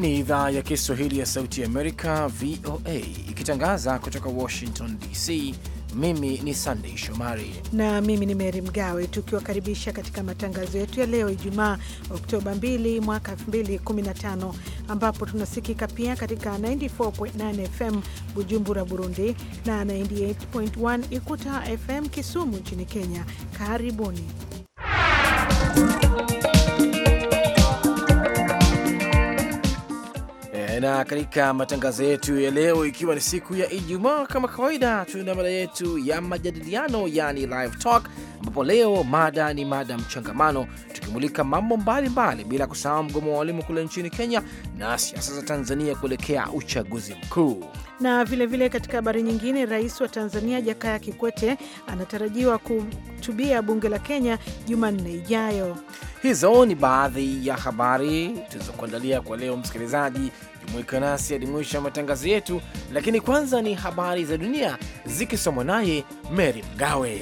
ni idhaa ya Kiswahili ya Sauti ya Amerika, VOA, ikitangaza kutoka Washington DC. Mimi ni Sandei Shomari na mimi ni Meri Mgawe, tukiwakaribisha katika matangazo yetu ya leo Ijumaa Oktoba 2 mwaka 2015, ambapo tunasikika pia katika 94.9 FM Bujumbura, Burundi na 98.1 Ikuta FM Kisumu nchini Kenya. Karibuni na katika matangazo yetu ya leo, ikiwa ni siku ya Ijumaa, kama kawaida, tuna mada yetu ya majadiliano, yani live talk, ambapo leo mada ni mada mchangamano, tukimulika mambo mbalimbali, bila kusahau mgomo wa walimu kule nchini Kenya na siasa za Tanzania kuelekea uchaguzi mkuu na vilevile vile katika habari nyingine, rais wa Tanzania Jakaya Kikwete anatarajiwa kuhutubia bunge la Kenya Jumanne ijayo. Hizo ni baadhi ya habari tulizokuandalia kwa leo, msikilizaji, Mwika nasi hadi mwisho ya matangazo yetu, lakini kwanza ni habari za dunia zikisomwa naye Mary Mgawe.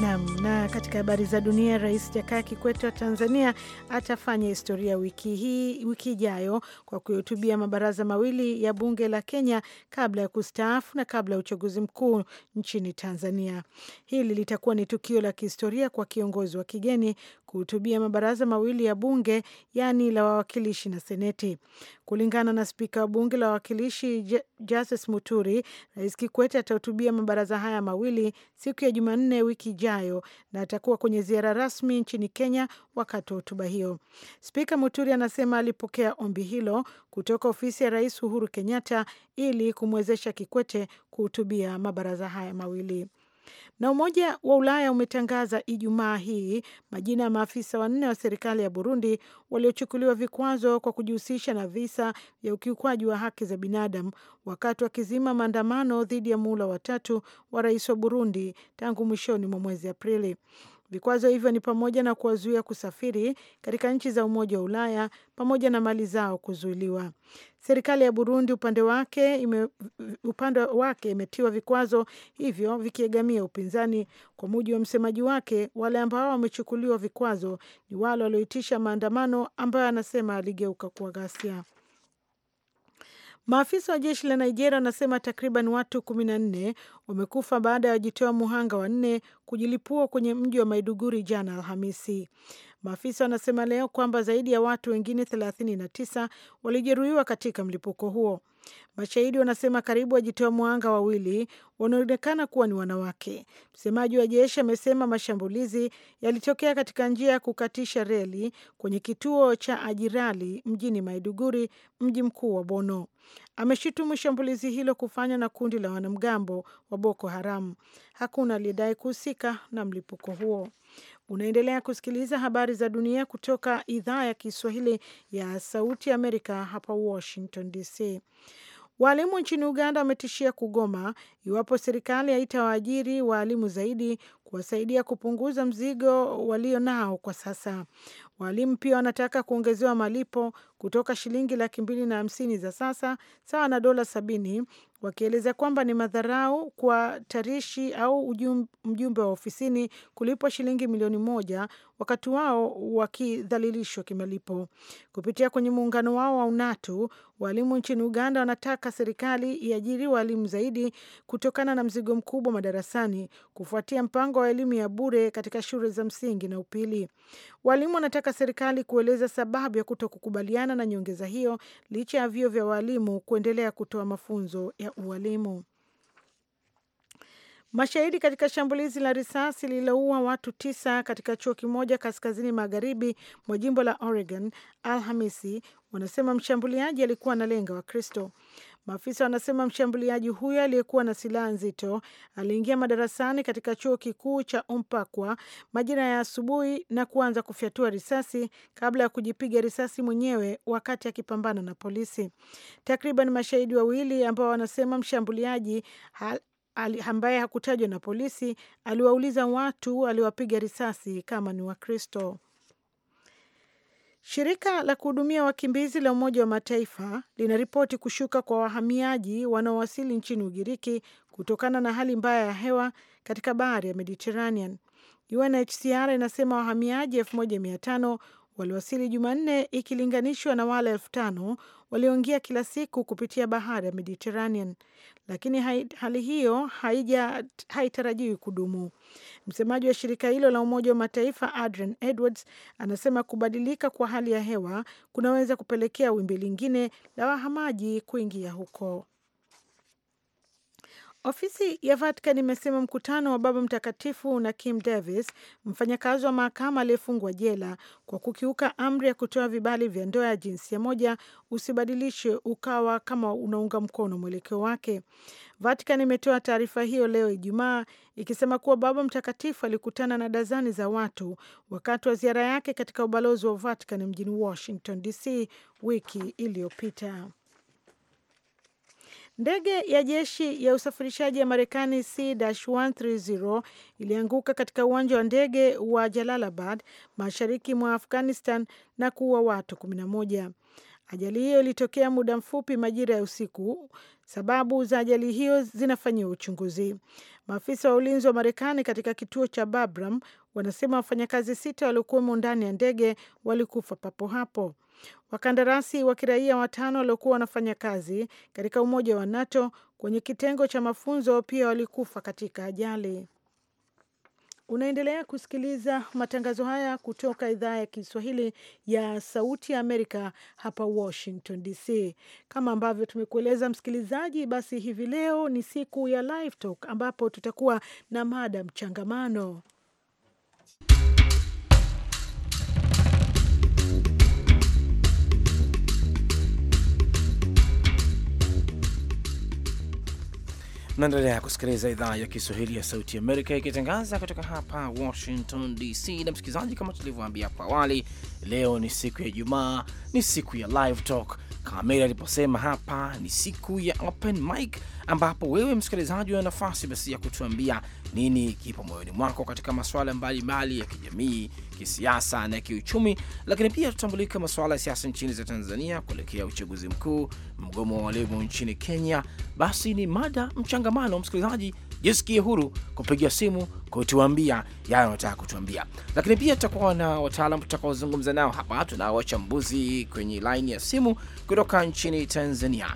Naam, na katika habari za dunia, Rais Jakaya Kikwete wa Tanzania atafanya historia wiki hii, wiki ijayo kwa kuhutubia mabaraza mawili ya bunge la Kenya kabla ya kustaafu na kabla ya uchaguzi mkuu nchini Tanzania. Hili litakuwa ni tukio la kihistoria kwa kiongozi wa kigeni kuhutubia mabaraza mawili ya bunge, yaani la wawakilishi na seneti. Kulingana na spika wa bunge la wawakilishi Justice Muturi, Rais Kikwete atahutubia mabaraza haya mawili siku ya Jumanne wiki ijayo na atakuwa kwenye ziara rasmi nchini Kenya wakati wa hotuba hiyo. Spika Muturi anasema alipokea ombi hilo kutoka ofisi ya Rais Uhuru Kenyatta ili kumwezesha Kikwete kuhutubia mabaraza haya mawili. Na Umoja wa Ulaya umetangaza Ijumaa hii majina ya maafisa wanne wa serikali ya Burundi waliochukuliwa vikwazo kwa kujihusisha na visa vya ukiukwaji wa haki za binadamu wakati wakizima maandamano dhidi ya muhula watatu wa rais wa Burundi tangu mwishoni mwa mwezi Aprili. Vikwazo hivyo ni pamoja na kuwazuia kusafiri katika nchi za Umoja wa Ulaya pamoja na mali zao kuzuiliwa. Serikali ya Burundi upande wake, ime, upande wake imetiwa vikwazo hivyo vikiegamia upinzani. Kwa mujibu wa msemaji wake, wale ambao wamechukuliwa vikwazo ni wale walioitisha maandamano ambayo anasema aligeuka kuwa ghasia. Maafisa wa jeshi la Nigeria wanasema takriban watu kumi na nne wamekufa baada ya wajitoa muhanga wanne kujilipua kwenye mji wa Maiduguri jana Alhamisi. Maafisa wanasema leo kwamba zaidi ya watu wengine 39 walijeruhiwa katika mlipuko huo. Mashahidi wanasema karibu wajitoa mwanga wawili wanaonekana kuwa ni wanawake. Msemaji wa jeshi amesema mashambulizi yalitokea katika njia ya kukatisha reli kwenye kituo cha Ajirali mjini Maiduguri, mji mkuu wa bono Ameshutumu shambulizi hilo kufanywa na kundi la wanamgambo wa Boko Haram. Hakuna aliyedai kuhusika na mlipuko huo. Unaendelea kusikiliza habari za dunia kutoka idhaa ya Kiswahili ya Sauti Amerika, hapa Washington DC. Waalimu nchini Uganda wametishia kugoma iwapo serikali haitawaajiri waalimu zaidi kuwasaidia kupunguza mzigo walio nao kwa sasa. Waalimu pia wanataka kuongezewa malipo kutoka shilingi laki mbili na hamsini za sasa sawa na dola sabini, wakieleza kwamba ni madharau kwa tarishi au mjumbe wa ofisini kulipwa shilingi milioni moja wakati wao wakidhalilishwa kimalipo. Kupitia kwenye muungano wao wa UNATU, walimu nchini Uganda wanataka serikali iajiri walimu zaidi kutokana na mzigo mkubwa madarasani kufuatia mpango wa elimu ya bure katika shule za msingi na upili. Walimu wanataka serikali kueleza sababu ya kuto kukubaliana na nyongeza hiyo licha ya vyuo vya walimu kuendelea kutoa mafunzo ya ualimu. Mashahidi katika shambulizi la risasi lililoua watu tisa katika chuo kimoja kaskazini magharibi mwa jimbo la Oregon Alhamisi wanasema mshambuliaji alikuwa analenga Wakristo. Maafisa wanasema mshambuliaji huyo aliyekuwa na silaha nzito aliingia madarasani katika chuo kikuu cha Umpakwa majira ya asubuhi na kuanza kufyatua risasi kabla ya kujipiga risasi mwenyewe wakati akipambana na polisi. Takriban mashahidi wawili ambao wanasema mshambuliaji ambaye hakutajwa na polisi aliwauliza watu aliwapiga risasi kama ni Wakristo. Shirika la kuhudumia wakimbizi la Umoja wa Mataifa linaripoti kushuka kwa wahamiaji wanaowasili nchini Ugiriki kutokana na hali mbaya ya hewa katika bahari ya Mediterranean. UNHCR inasema wahamiaji 1500 waliwasili Jumanne ikilinganishwa na wale 5000 walioingia kila siku kupitia bahari ya Mediterranean lakini hai, hali hiyo haija haitarajiwi kudumu. Msemaji wa shirika hilo la Umoja wa Mataifa Adrian Edwards anasema kubadilika kwa hali ya hewa kunaweza kupelekea wimbi lingine la wahamaji kuingia huko. Ofisi ya Vatican imesema mkutano wa Baba Mtakatifu na Kim Davis, mfanyakazi wa mahakama aliyefungwa jela kwa kukiuka amri ya kutoa vibali vya ndoa ya jinsia moja, usibadilishe ukawa kama unaunga mkono mwelekeo wake. Vatican imetoa taarifa hiyo leo Ijumaa ikisema kuwa Baba Mtakatifu alikutana na dazani za watu wakati wa ziara yake katika ubalozi wa Vatican mjini Washington DC wiki iliyopita. Ndege ya jeshi ya usafirishaji ya Marekani C-130 ilianguka katika uwanja wa ndege wa Jalalabad mashariki mwa Afghanistan na kuua watu 11. Ajali hiyo ilitokea muda mfupi majira ya usiku. Sababu za ajali hiyo zinafanyiwa uchunguzi. Maafisa wa ulinzi wa Marekani katika kituo cha babram wanasema wafanyakazi sita waliokuwemo ndani ya ndege walikufa papo hapo. Wakandarasi wa kiraia watano waliokuwa wanafanya kazi katika Umoja wa NATO kwenye kitengo cha mafunzo pia walikufa katika ajali. Unaendelea kusikiliza matangazo haya kutoka idhaa ya Kiswahili ya Sauti ya Amerika hapa Washington DC. Kama ambavyo tumekueleza msikilizaji, basi hivi leo ni siku ya Live Talk ambapo tutakuwa na mada mchangamano Naendelea kusikiliza idhaa ya Kiswahili ya Sauti Amerika ikitangaza kutoka hapa Washington DC. Na msikilizaji, kama tulivyoambia hapo awali, leo ni siku ya Ijumaa, ni siku ya Live Talk kamer aliposema hapa ni siku ya open mic, ambapo wewe msikilizaji una nafasi basi ya kutuambia nini kipo moyoni mwako katika masuala mbalimbali ya kijamii, kisiasa na kiuchumi. Lakini pia tutambulika masuala ya siasa nchini za Tanzania kuelekea uchaguzi mkuu, mgomo wa walimu nchini Kenya. Basi ni mada mchangamano, msikilizaji jisikie huru kupiga simu kutuambia yale wanataka kutuambia, lakini pia tutakuwa na wataalam tutakaozungumza nao hapa. Tunao wachambuzi kwenye laini ya simu kutoka nchini Tanzania,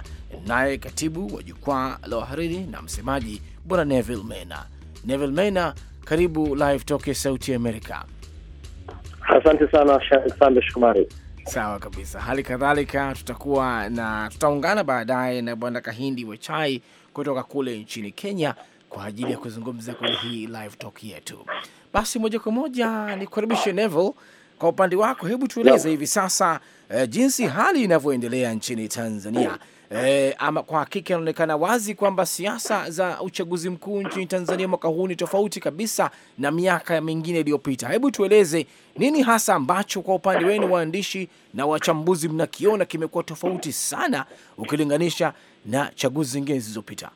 naye katibu wa jukwaa la wahariri na msemaji bwana Neville Mena. Neville Mena, karibu live toke Sauti Amerika. Asante sana Sande Shumari. Sawa kabisa. Hali kadhalika tutakuwa na tutaungana baadaye na bwana Kahindi wa chai kutoka kule nchini Kenya kwa ajili ya kuzungumza kwenye hii live talk yetu. Basi moja kwa moja ni kukaribishe Neville, kwa upande wako, hebu tueleze hivi sasa eh, jinsi hali inavyoendelea nchini Tanzania. Eh, ama kwa hakika inaonekana wazi kwamba siasa za uchaguzi mkuu nchini Tanzania mwaka huu ni tofauti kabisa na miaka mingine iliyopita. Hebu tueleze nini hasa ambacho kwa upande wenu waandishi na wachambuzi mnakiona kimekuwa tofauti sana ukilinganisha na chaguzi zingine zilizopita?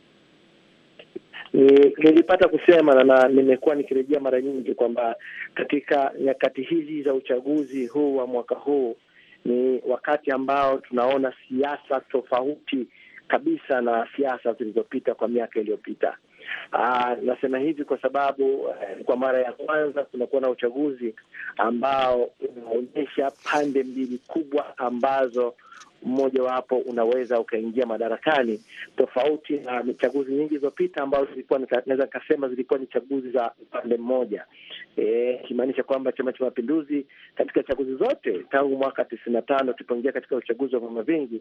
Eh, nilipata kusema na nimekuwa nikirejea mara nyingi kwamba katika nyakati hizi za uchaguzi huu wa mwaka huu ni wakati ambao tunaona siasa tofauti kabisa na siasa zilizopita kwa miaka iliyopita. Ah, nasema hivi kwa sababu eh, kwa mara ya kwanza tunakuwa na uchaguzi ambao unaonyesha pande mbili kubwa ambazo mmojawapo unaweza ukaingia madarakani, tofauti na chaguzi nyingi zilizopita ambazo zilikuwa naweza nikasema zilikuwa ni chaguzi za upande mmoja, ikimaanisha e, kwamba Chama cha Mapinduzi katika chaguzi zote tangu mwaka tisini na tano tulipoingia katika uchaguzi wa vyama vingi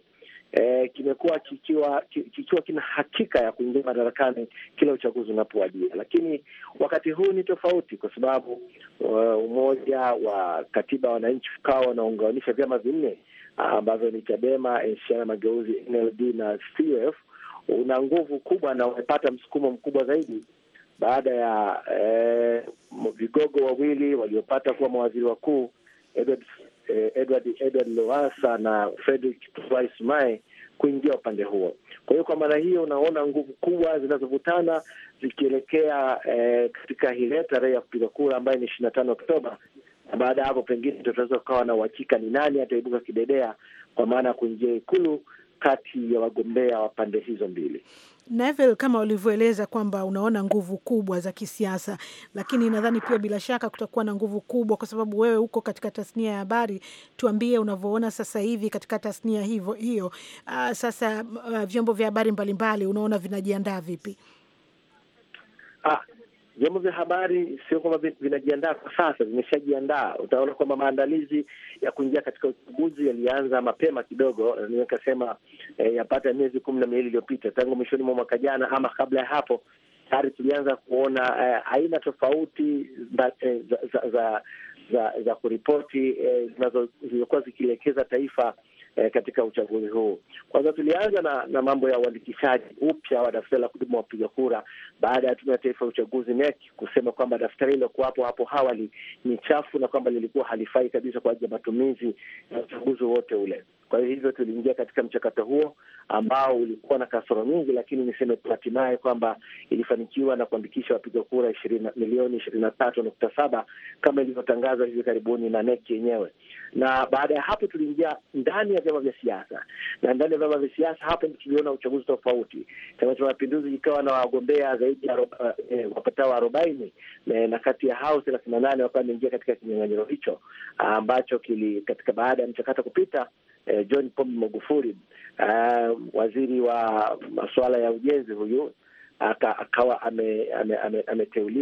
e, kimekuwa kikiwa, kikiwa kina hakika ya kuingia madarakani kila uchaguzi unapowadia, lakini wakati huu ni tofauti kwa sababu e, umoja wa katiba wananchi ukawa wanaunganisha vyama vinne ambazo ni Chadema, Chama Mageuzi, NLD na CUF, una nguvu kubwa na umepata msukumo mkubwa zaidi baada ya eh, vigogo wawili waliopata kuwa mawaziri wakuu Edward, eh, Edward, Edward Loasa na Frederick Tluway Sumaye kuingia upande huo. Kwa hiyo kwa maana hiyo unaona nguvu kubwa zinazovutana zikielekea eh, katika ile tarehe ya kupiga kura ambayo ni ishirini na tano Oktoba na baada ya hapo pengine tutaweza kukawa na uhakika ni nani ataibuka kidedea, kwa maana ya kuingia Ikulu kati ya wagombea wa pande hizo mbili. Neville, kama ulivyoeleza kwamba unaona nguvu kubwa za kisiasa, lakini nadhani pia bila shaka kutakuwa na nguvu kubwa, kwa sababu wewe uko katika tasnia ya habari. Tuambie unavyoona sasa hivi katika tasnia hivyo hiyo. Uh, sasa uh, vyombo vya habari mbalimbali unaona vinajiandaa vipi? Ah, vyombo vya habari sio kwamba vinajiandaa kwa sasa, vimeshajiandaa. Utaona kwamba maandalizi ya kuingia katika uchaguzi yalianza mapema kidogo, nikasema eh, yapata miezi kumi na miwili iliyopita tangu mwishoni mwa mwaka jana ama kabla ya hapo tayari tulianza kuona eh, aina tofauti za, eh, za, za, za, za, kuripoti eh, zilizokuwa eh, zikielekeza taifa eh, katika uchaguzi huu. Kwanza tulianza na, na mambo ya uandikishaji upya wa daftari la kudumu wapiga kura baada ya Tume ya Taifa ya Uchaguzi NEC kusema kwamba daftari lilokuwapo hapo awali ni chafu na kwamba lilikuwa halifai kabisa kwa ajili ya matumizi ya uchaguzi wote ule. Kwa hiyo hivyo tuliingia katika mchakato huo ambao ulikuwa na kasoro nyingi, lakini niseme hatimaye kwamba ilifanikiwa na kuandikisha wapiga kura milioni ishirini na tatu nukta saba kama ilivyotangazwa hivi karibuni na NEC yenyewe. Na baada ya hapo tuliingia ndani ya vyama vya siasa, na ndani ya vyama vya siasa hapo tuliona uchaguzi tofauti. Chama cha Mapinduzi ikawa na wagombea zaidi ya eh, wapatao arobaini eh, na kati ya hao thelathini na nane wakawa wameingia katika kinyang'anyiro hicho ah, ambacho kili katika baada ya mchakato kupita eh, John Pombe Magufuli, uh, waziri wa masuala ya ujenzi huyu aka, akawa ameteuliwa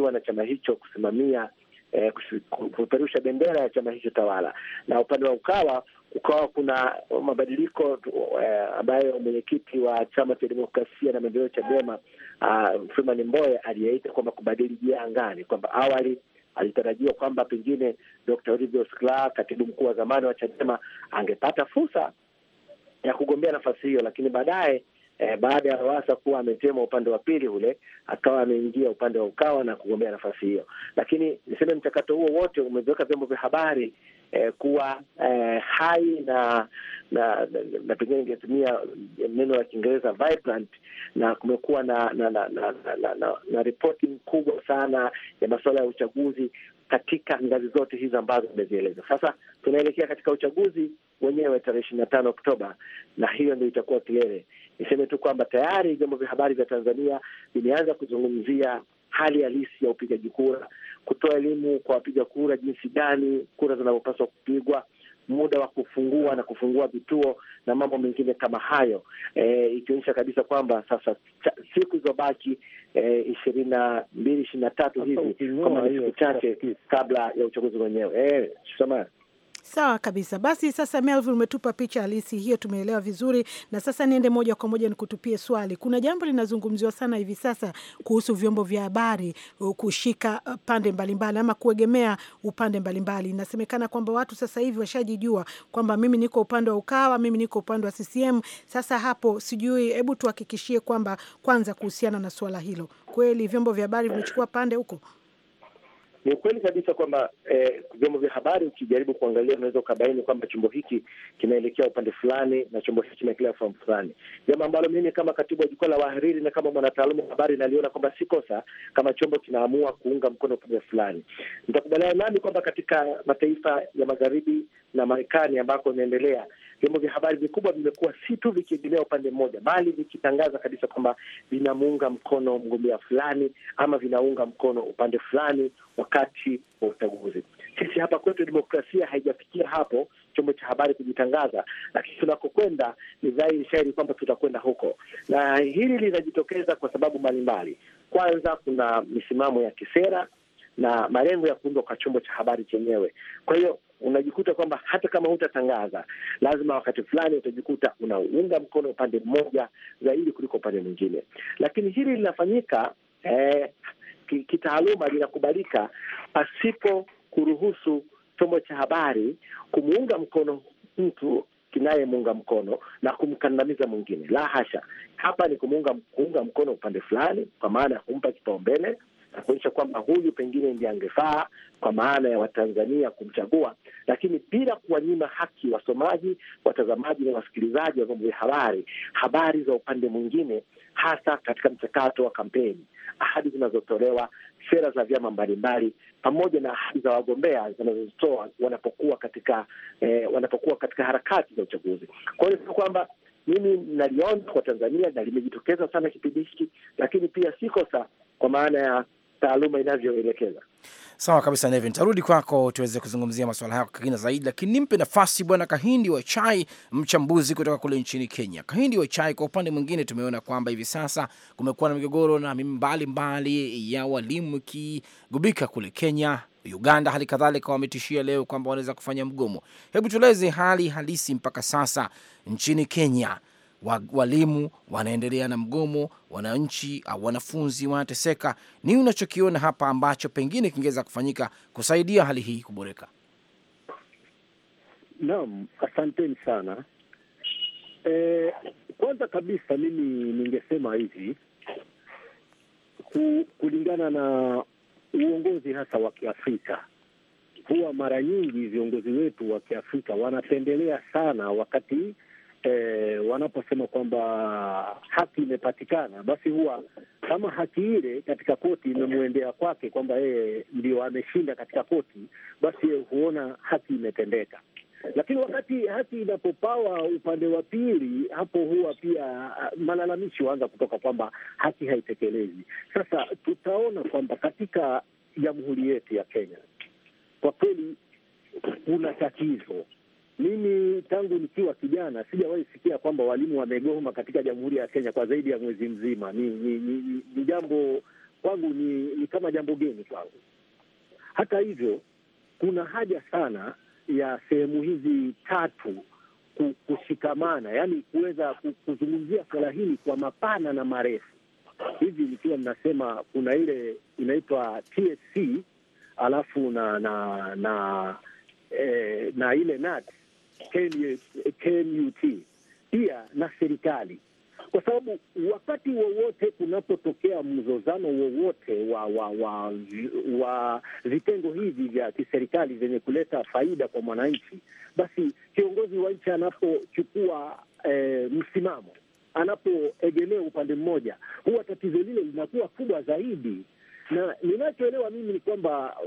ame, ame, ame na chama hicho kusimamia eh, kupeperusha bendera ya chama hicho tawala, na upande wa Ukawa kukawa kuna mabadiliko eh, ambayo mwenyekiti wa chama cha demokrasia na maendeleo Chadema uh, Freeman Mbowe aliyeita kwamba kubadili jia angani, kwamba awali alitarajiwa kwamba pengine Dr. katibu mkuu wa zamani wa Chadema, angepata fursa ya kugombea nafasi hiyo, lakini baadaye eh, baada ya Lowassa kuwa ametema upande wa pili ule, akawa ameingia upande wa Ukawa na kugombea nafasi hiyo. Lakini niseme mchakato huo wote umeviweka vyombo vya habari eh, kuwa eh, hai na na, na, na pengine ingetumia neno la Kiingereza vibrant, na kumekuwa na na, na, na, na, na, na, na ripoti kubwa sana ya masuala ya uchaguzi katika ngazi zote hizo ambazo imezieleza. Sasa tunaelekea katika uchaguzi wenyewe tarehe ishirini na tano Oktoba, na hiyo ndio itakuwa kilele. Niseme tu kwamba tayari vyombo vya habari vya Tanzania vimeanza kuzungumzia hali halisi ya upigaji kura, kutoa elimu kwa wapiga kura jinsi gani kura zinavyopaswa kupigwa muda wa kufungua na kufungua vituo na mambo mengine kama hayo, e, ikionyesha kabisa kwamba sasa siku zilizobaki eh, ishirini na mbili ishirini na tatu hivi kama ni siku chache kabla ya uchaguzi wenyewe. E, Sawa kabisa. Basi sasa, Melvin, umetupa picha halisi hiyo, tumeelewa vizuri. Na sasa niende moja kwa moja nikutupie swali. Kuna jambo linazungumziwa sana hivi sasa kuhusu vyombo vya habari uh, kushika uh, pande mbalimbali ama kuegemea upande mbalimbali. Inasemekana kwamba watu sasa hivi washajijua kwamba mimi niko upande wa Ukawa, mimi niko upande wa CCM. Sasa hapo sijui, hebu tuhakikishie kwamba kwanza, kuhusiana na swala hilo, kweli vyombo vya habari vimechukua pande huko? Ni ukweli kabisa kwamba eh, vyombo vya habari ukijaribu kuangalia, unaweza ukabaini kwamba chombo hiki kinaelekea upande fulani na chombo hiki kinaelekea famu fulani, jambo ambalo mimi kama katibu wa jukwaa la wahariri na kama mwanataaluma wa habari naliona kwamba si kosa kama chombo kinaamua kuunga mkono upande fulani. Nitakubaliana nami kwamba katika mataifa ya magharibi na Marekani ambako inaendelea vyombo vya habari vikubwa vimekuwa si tu vikiegemea upande mmoja, bali vikitangaza kabisa kwamba vinamuunga mkono mgombea fulani ama vinaunga mkono upande fulani wakati wa uchaguzi. Sisi hapa kwetu demokrasia haijafikia hapo chombo cha habari kujitangaza, lakini tunakokwenda ni dhahiri shairi kwamba tutakwenda huko, na hili linajitokeza kwa sababu mbalimbali. Kwanza, kuna misimamo ya kisera na malengo ya kuundwa kwa chombo cha habari chenyewe. Kwa hiyo unajikuta kwamba hata kama hutatangaza, lazima wakati fulani utajikuta unaunga mkono upande mmoja zaidi kuliko upande mwingine. Lakini hili linafanyika eh, kitaaluma, linakubalika pasipo kuruhusu chombo cha habari kumuunga mkono mtu kinayemuunga mkono na kumkandamiza mwingine. La hasha, hapa ni kumuunga kuunga mkono upande fulani, kwa maana ya kumpa kipaumbele na kuonyesha kwamba huyu pengine ndiye angefaa kwa maana ya Watanzania kumchagua, lakini bila kuwanyima haki wasomaji, watazamaji na wasikilizaji wa vyombo vya habari, habari za upande mwingine, hasa katika mchakato wa kampeni, ahadi zinazotolewa, sera za vyama mbalimbali, pamoja na ahadi za wagombea zinazozitoa wanapokuwa katika eh, wanapokuwa katika harakati za uchaguzi. Kwa hiyo sio kwamba mimi naliona kwa Tanzania na limejitokeza sana kipindi hiki, lakini pia si kosa kwa maana ya taaluma inavyoelekeza. Sawa kabisa, Nevin, tarudi kwako tuweze kuzungumzia masuala hayo kwa kina zaidi, lakini nimpe nafasi Bwana Kahindi wa Chai, mchambuzi kutoka kule nchini Kenya. Kahindi wa Chai, kwa upande mwingine tumeona kwamba hivi sasa kumekuwa na migogoro na mbalimbali ya walimu ikigubika kule Kenya, Uganda hali kadhalika, wametishia leo kwamba wanaweza kufanya mgomo. Hebu tueleze hali halisi mpaka sasa nchini Kenya walimu wanaendelea na mgomo, wananchi au ah, wanafunzi wanateseka. Nini unachokiona hapa ambacho pengine kingeweza kufanyika kusaidia hali hii kuboreka? Naam, asanteni sana. E, kwanza kabisa mimi ningesema hivi kulingana na uongozi hasa wa Kiafrika, huwa mara nyingi viongozi wetu wa Kiafrika wanapendelea sana wakati e, wanaposema kwamba haki imepatikana, basi huwa kama haki ile katika koti imemwendea kwake kwamba yeye ndio ameshinda katika koti, basi huona haki imetendeka. Lakini wakati haki inapopawa upande wa pili, hapo huwa pia ah, malalamishi huanza kutoka kwamba haki haitekelezi. Sasa tutaona kwamba katika jamhuri yetu ya Kenya kwa kweli kuna tatizo mimi tangu nikiwa kijana sijawahi sikia kwamba walimu wamegoma katika Jamhuri ya Kenya kwa zaidi ya mwezi mzima. Ni, ni, ni, ni jambo kwangu ni, ni kama jambo geni kwangu. Hata hivyo, kuna haja sana ya sehemu hizi tatu kushikamana, yaani kuweza kuzungumzia suala hili kwa mapana na marefu. Hivi nikiwa mnasema kuna ile inaitwa TSC alafu na na na, eh, na ile NAT KMUT pia na serikali, kwa sababu wakati wowote kunapotokea mzozano wowote wa wa, wa wa vitengo hivi vya kiserikali vyenye kuleta faida kwa mwananchi, basi kiongozi wa nchi anapochukua e, msimamo, anapoegemea upande mmoja, huwa tatizo lile linakuwa kubwa zaidi na ninachoelewa mimi ni kwamba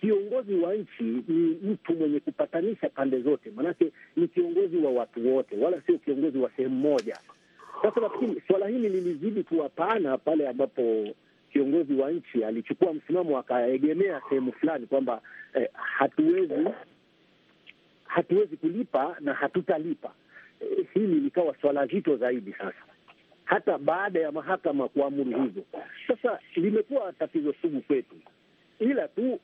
kiongozi wa nchi ni mtu mwenye kupatanisha pande zote, maanake ni kiongozi wa watu wote, wala sio kiongozi wa sehemu moja. Sasa nafikiri swala hili lilizidi kuwa pana pale ambapo kiongozi wa nchi alichukua msimamo akaegemea sehemu fulani kwamba eh, hatuwezi hatuwezi kulipa na hatutalipa. Eh, hili likawa swala zito zaidi sasa hata baada ya mahakama kuamuru hivyo. Sasa limekuwa tatizo sugu kwetu, ila tu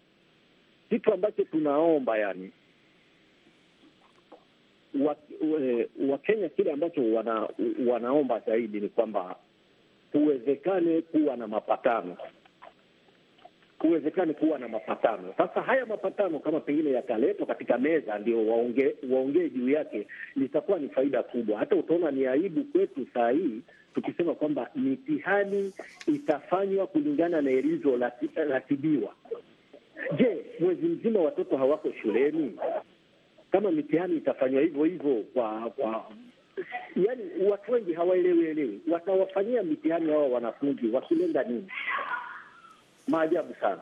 kitu ambacho tunaomba yani Wakenya wa kile ambacho wana, wanaomba zaidi ni kwamba kuwezekane kuwa na mapatano, kuwezekane kuwa na mapatano. Sasa haya mapatano kama pengine yataletwa katika meza, ndio waongee waonge juu yake, litakuwa ni faida kubwa. Hata utaona ni aibu kwetu saa hii tukisema kwamba mitihani itafanywa kulingana na ratibiwa Je, mwezi mzima watoto hawako shuleni? Kama mitihani itafanywa hivyo hivyo kwa kwa yani, watu wengi hawaelewi elewi, watawafanyia mitihani hawa wanafunzi wakilenga nini? Maajabu sana.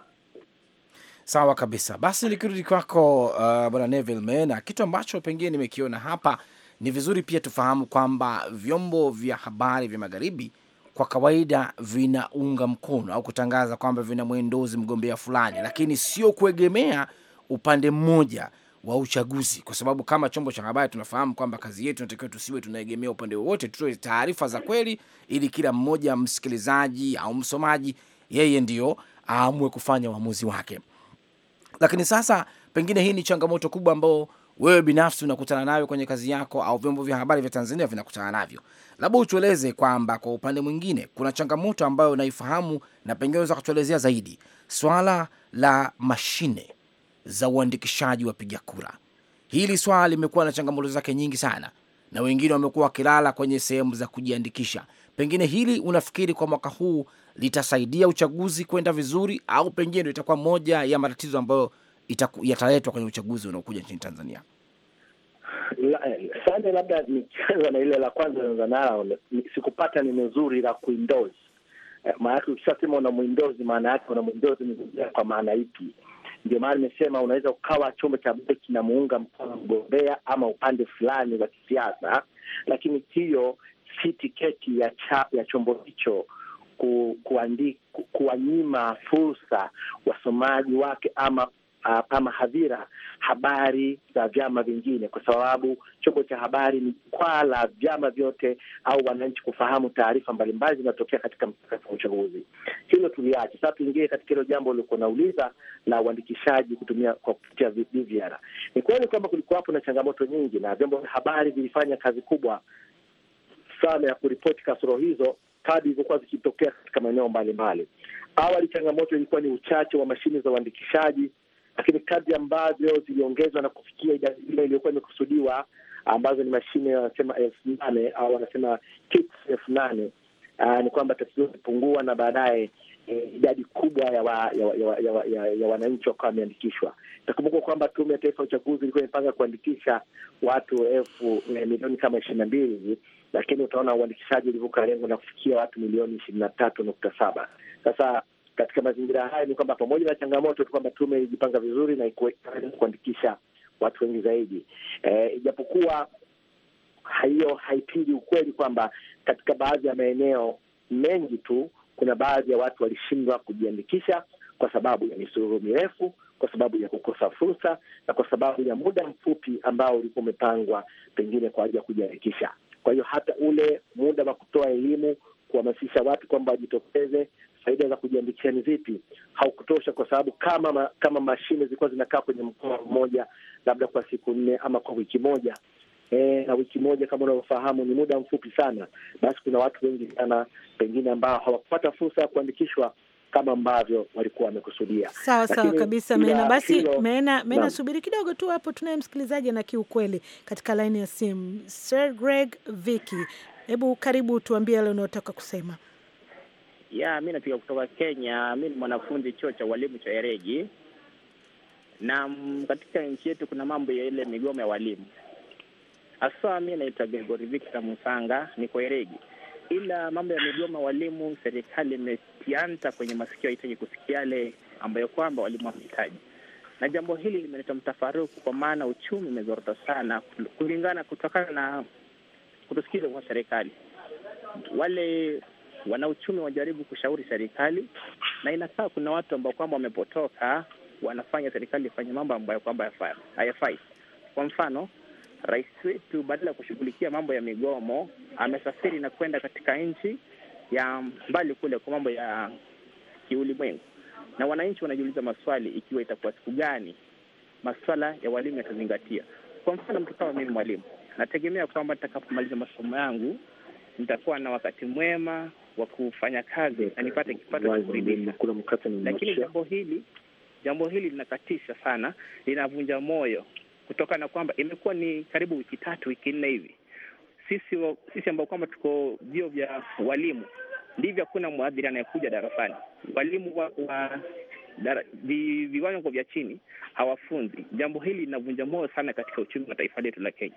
Sawa kabisa. Basi nikirudi kwako, uh, bwana Neville Meena, kitu ambacho pengine nimekiona hapa ni vizuri pia tufahamu kwamba vyombo vya habari vya magharibi kwa kawaida vinaunga mkono au kutangaza kwamba vina mwendozi mgombea fulani, lakini sio kuegemea upande mmoja wa uchaguzi, kwa sababu kama chombo cha habari tunafahamu kwamba kazi yetu inatakiwa tusiwe tunaegemea upande wowote, tutoe taarifa za kweli, ili kila mmoja msikilizaji au msomaji yeye ndiyo aamue kufanya uamuzi wake. Lakini sasa pengine hii ni changamoto kubwa ambayo wewe binafsi unakutana nayo kwenye kazi yako au vyombo vya habari vya Tanzania vinakutana navyo, labda utueleze kwamba kwa upande mwingine kuna changamoto ambayo unaifahamu na pengine unaweza kutuelezea zaidi swala la mashine za uandikishaji wapiga kura. Hili swala limekuwa na changamoto zake nyingi sana, na wengine wamekuwa wakilala kwenye sehemu za kujiandikisha. Pengine hili unafikiri kwa mwaka huu litasaidia uchaguzi kwenda vizuri, au pengine itakuwa moja ya matatizo ambayo yataletwa kwenye uchaguzi unaokuja nchini Tanzania? Eh, sande, labda nikianza na ile la kwanza zanzanao, sikupata neno zuri la kuindozi. Eh, Maanake ukishasema una mwindozi, maana yake una mwindozi kwa maana ipi? Ndio maana nimesema unaweza ukawa chombo cha habari kinamuunga mkono mgombea ama upande fulani wa kisiasa, lakini hiyo si tiketi ya cha, ya chombo hicho ku, kuwanyima fursa wasomaji wake ama uh, ah, ama hadhira habari za vyama vingine, kwa sababu chombo cha habari ni jukwaa la vyama vyote au wananchi kufahamu taarifa mbalimbali zinatokea katika mchakato wa uchaguzi. Hilo tuliache sasa, tuingie katika hilo jambo uliokuwa nauliza la uandikishaji kutumia kwa kupitia BVR. Ni kweli kwamba kulikuwa hapo na changamoto nyingi, na vyombo vya habari vilifanya kazi kubwa sana ya kuripoti kasoro hizo kadi zilizokuwa zikitokea katika maeneo mbalimbali. Awali changamoto ilikuwa ni uchache wa mashine za uandikishaji lakini kadri ambavyo ziliongezwa na kufikia idadi ile iliyokuwa imekusudiwa ambazo ni mashine wanasema elfu nane au wanasema kits elfu nane ah, ni kwamba tatizo imepungua na baadaye eh, idadi kubwa ya wananchi ya, ya, ya, ya, ya wakawa wameandikishwa. Itakumbuka kwamba Tume ya Taifa ya Uchaguzi ilikuwa imepanga kuandikisha watu elfu eh, milioni kama ishirini na mbili hivi, lakini utaona uandikishaji ulivuka lengo na kufikia watu milioni ishirini na tatu nukta saba sasa katika mazingira haya ni kwamba pamoja na changamoto tu kwamba tume ilijipanga vizuri na kuandikisha watu wengi zaidi, e, ijapokuwa e, hiyo haipingi ukweli kwamba katika baadhi ya maeneo mengi tu kuna baadhi ya watu walishindwa kujiandikisha kwa sababu ya misururu mirefu, kwa sababu ya kukosa fursa na kwa sababu ya muda mfupi ambao ulikuwa umepangwa pengine kwa ajili ya kujiandikisha. Kwa hiyo hata ule muda wa kutoa elimu kuhamasisha watu kwamba wajitokeze faida za kujiandikisha ni zipi, haukutosha kwa sababu kama ma, kama mashine zilikuwa zinakaa kwenye mkoa mmoja labda kwa siku nne ama kwa wiki moja e, na wiki moja kama unavyofahamu ni muda mfupi sana, basi kuna watu wengi sana pengine ambao hawakupata fursa ya kuandikishwa kama ambavyo walikuwa wamekusudia. Sawa sawa kabisa, Mena. Basi Mena, Mena, subiri kidogo tu hapo, tunaye msikilizaji na kiukweli katika laini ya simu, Sir Greg Viki, hebu karibu tuambie yale unaotaka kusema ya mi napiga kutoka Kenya. Mi ni mwanafunzi chuo cha walimu cha Eregi, na mm, katika nchi yetu kuna mambo ya ile migomo ya walimu hasa. Mi naitwa Gregory Victor Musanga, niko Eregi, ila mambo ya migomo ya walimu serikali imetianta kwenye masikio, haitaki kusikia yale ambayo kwamba walimu wamehitaji, na jambo hili limeleta mtafaruku, kwa maana uchumi umezorota sana, kulingana kutokana na kutusikiza kwa serikali wale Wanauchumi wajaribu kushauri serikali, na inakaa kuna watu ambao kwamba wamepotoka, wanafanya serikali ifanye mambo ambayo kwamba hayafai. Kwa mfano, rais wetu badala ya kushughulikia mambo ya migomo amesafiri na kwenda katika nchi ya mbali kule kwa mambo ya kiulimwengu, na wananchi wanajiuliza maswali ikiwa itakuwa siku gani maswala ya walimu yatazingatia. Kwa mfano, mtu kama mimi mwalimu, nategemea kwamba nitakapomaliza masomo yangu nitakuwa na wakati mwema wa kufanya kazi na nipate kipato cha kuridhisha. Lakini jambo hili jambo hili linakatisha sana, linavunja moyo kutokana na kwamba imekuwa ni karibu wiki tatu wiki nne hivi, sisi sisi ambao kwamba tuko vio vya walimu ndivyo, hakuna mwadhiri anayekuja darasani. Walimu wa, wa dara, vi, viwango vya chini hawafunzi. Jambo hili linavunja moyo sana katika uchumi wa taifa letu la Kenya.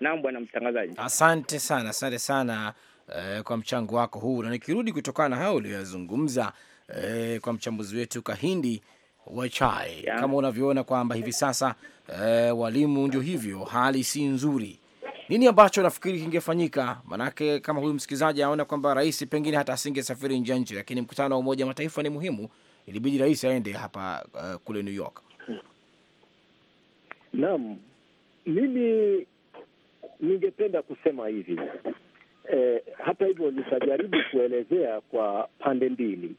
Naam bwana mtangazaji, asante sana, asante sana eh, kwa mchango wako huu, na nikirudi kutokana na hayo uliyozungumza eh, kwa mchambuzi wetu Kahindi Wachai yeah. Kama unavyoona kwamba hivi sasa eh, walimu ndio hivyo, hali si nzuri. Nini ambacho nafikiri kingefanyika? Maanake kama huyu msikilizaji aona kwamba rais pengine hata asingesafiri nje nchi, lakini mkutano wa Umoja Mataifa ni muhimu, ilibidi rais aende hapa uh, kule New York. Naam, mimi ningependa kusema hivi eh, hata hivyo nitajaribu kuelezea kwa pande mbili,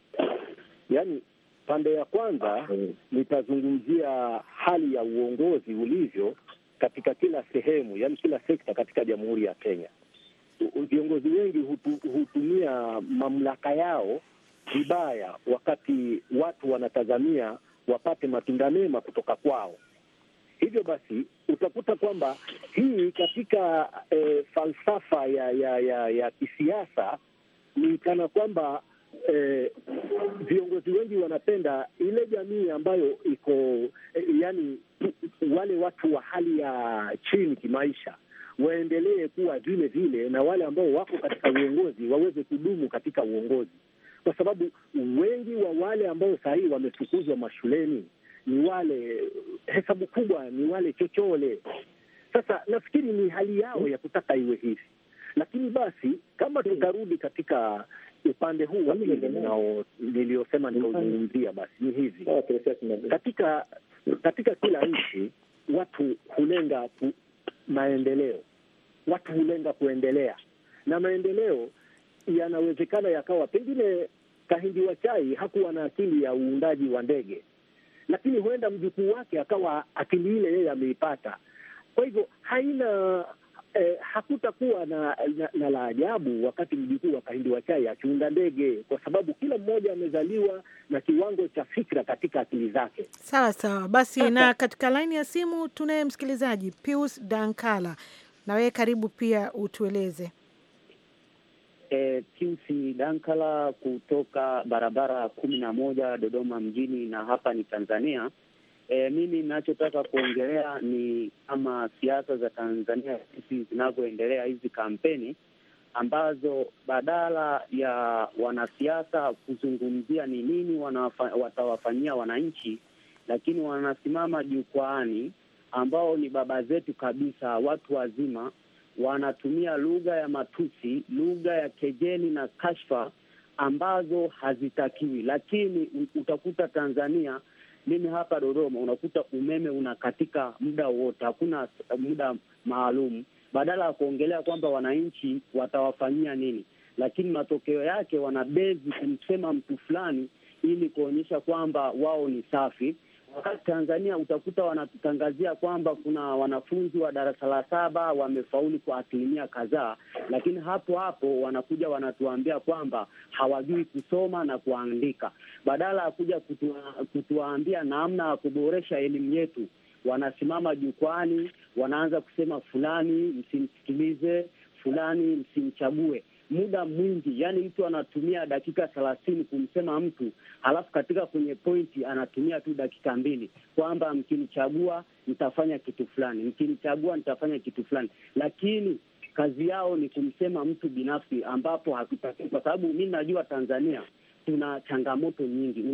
yaani pande ya kwanza mm. nitazungumzia hali ya uongozi ulivyo katika kila sehemu, yaani kila sekta katika Jamhuri ya Kenya. Viongozi wengi hutu, hutumia mamlaka yao vibaya, wakati watu wanatazamia wapate matunda mema kutoka kwao. Hivyo basi utakuta kwamba hii katika e, falsafa ya ya ya, ya kisiasa ni kana kwamba e, viongozi wengi wanapenda ile jamii ambayo iko e, yani wale watu wa hali ya chini kimaisha waendelee kuwa vile vile, na wale ambao wako katika uongozi waweze kudumu katika uongozi, kwa sababu wengi wa wale ambao sahii wamefukuzwa mashuleni ni wale hesabu kubwa, ni wale chochole. Sasa nafikiri ni hali yao ya kutaka iwe hivi, lakini basi kama tutarudi katika upande huu wa pili niliyosema nikauzungumzia, basi ni hivi katika katika kila nchi watu hulenga maendeleo, watu hulenga kuendelea, na maendeleo yanawezekana yakawa pengine kahindi wa chai hakuwa na akili ya uundaji wa ndege lakini huenda mjukuu wake akawa akili ile yeye ameipata. Kwa hivyo haina eh, hakutakuwa na, na, na la ajabu wakati mjukuu wa chai akiunda ndege, kwa sababu kila mmoja amezaliwa na kiwango cha fikra katika akili zake. Sawa sawa basi Sasa. Na katika laini ya simu tunaye msikilizaji Pius Dankala, na wewe karibu pia utueleze E, eh, Piusi Dankala kutoka barabara kumi na moja Dodoma mjini, na hapa ni Tanzania. Eh, mimi ninachotaka kuongelea ni kama siasa za Tanzania sisi zinavyoendelea hizi kampeni ambazo badala ya wanasiasa kuzungumzia ni nini watawafanyia wananchi, lakini wanasimama jukwaani ambao ni baba zetu kabisa, watu wazima wanatumia lugha ya matusi, lugha ya kejeli na kashfa ambazo hazitakiwi. Lakini utakuta Tanzania, mimi hapa Dodoma, unakuta umeme unakatika muda wote, hakuna muda maalum, badala ya kuongelea kwamba wananchi watawafanyia nini, lakini matokeo yake wanabezi kumsema mtu fulani ili kuonyesha kwamba wao ni safi Wakati Tanzania utakuta wanatutangazia kwamba kuna wanafunzi wa darasa la saba wamefaulu kwa asilimia kadhaa, lakini hapo hapo wanakuja wanatuambia kwamba hawajui kusoma na kuandika. Badala ya kuja kutua, kutuambia namna ya kuboresha elimu yetu, wanasimama jukwani, wanaanza kusema fulani msimsikilize, fulani msimchague muda mwingi, yani mtu anatumia dakika thelathini kumsema mtu, halafu katika kwenye pointi anatumia tu dakika mbili, kwamba mkinichagua nitafanya kitu fulani, mkinichagua nitafanya kitu fulani, lakini kazi yao ni kumsema mtu binafsi, ambapo hatutaki, kwa sababu mi najua Tanzania tuna changamoto nyingi.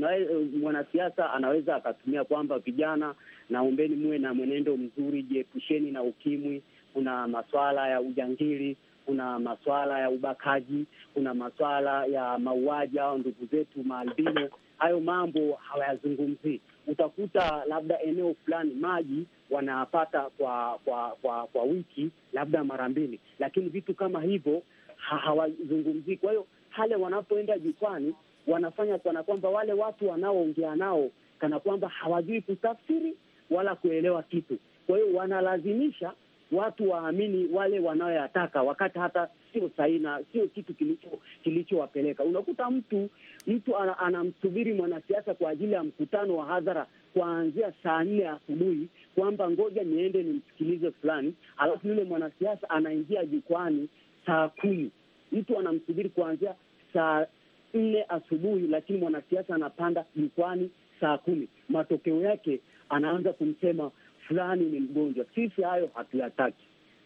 Mwanasiasa anaweza akatumia kwamba vijana, naombeni muwe na mwenendo mzuri, jiepusheni na ukimwi, kuna maswala ya ujangili, kuna maswala ya ubakaji, kuna maswala ya mauaji au ndugu zetu maalbino. Hayo mambo hawayazungumzii. Utakuta labda eneo fulani maji wanapata kwa kwa kwa, kwa wiki labda mara mbili, lakini vitu kama hivyo hawazungumzii. Kwa hiyo hale wanapoenda jukwani wanafanya kana kwamba wale watu wanaoongea nao kana kwamba hawajui kutafsiri wala kuelewa kitu, kwa hiyo wanalazimisha watu waamini wale wanaoyataka, wakati hata sio sahihi na sio kitu kilicho kilichowapeleka. Unakuta mtu mtu anamsubiri ana mwanasiasa kwa ajili ya mkutano wa hadhara kuanzia saa nne asubuhi kwamba ngoja niende nimsikilize fulani, alafu yule mwanasiasa anaingia jukwani saa kumi. Mtu anamsubiri kuanzia saa nne asubuhi, lakini mwanasiasa anapanda jukwani saa kumi. Matokeo yake anaanza kumsema fulani ni mgonjwa. Sisi hayo hatuyataki.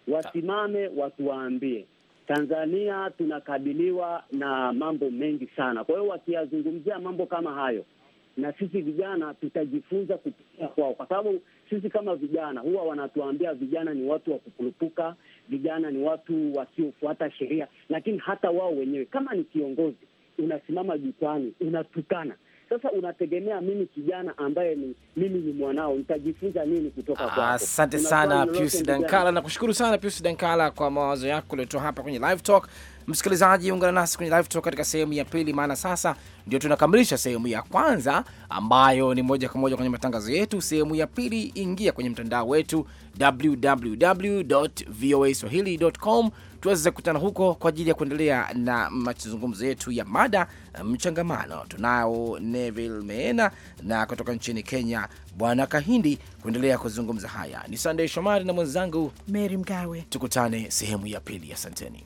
Wasimame watuwaambie, Tanzania tunakabiliwa na mambo mengi sana. Kwa hiyo wakiyazungumzia mambo kama hayo, na sisi vijana tutajifunza kupitia kwao, kwa sababu sisi kama vijana huwa wanatuambia vijana ni watu wa kukurupuka, vijana ni watu wasiofuata sheria. Lakini hata wao wenyewe, kama ni kiongozi, unasimama jukwani unatukana sasa unategemea mimi kijana ambaye ni mimi ni mwanao nitajifunza nini kutoka kwako? Asante sana Pius Dankala, nakushukuru sana Pius Dankala kwa mawazo yako uliotoa hapa kwenye live talk. Msikilizaji, ungana nasi kwenye live talk katika sehemu ya pili, maana sasa ndio tunakamilisha sehemu ya kwanza ambayo ni moja kwa moja kwenye matangazo yetu. Sehemu ya pili, ingia kwenye mtandao wetu www.voaswahili.com tuweze kukutana huko kwa ajili ya kuendelea na mazungumzo yetu ya mada mchangamano. Tunao Neville Meena na kutoka nchini Kenya Bwana Kahindi kuendelea kuzungumza haya. Ni sandey Shomari na mwenzangu Mary Mgawe. Tukutane sehemu ya pili, asanteni.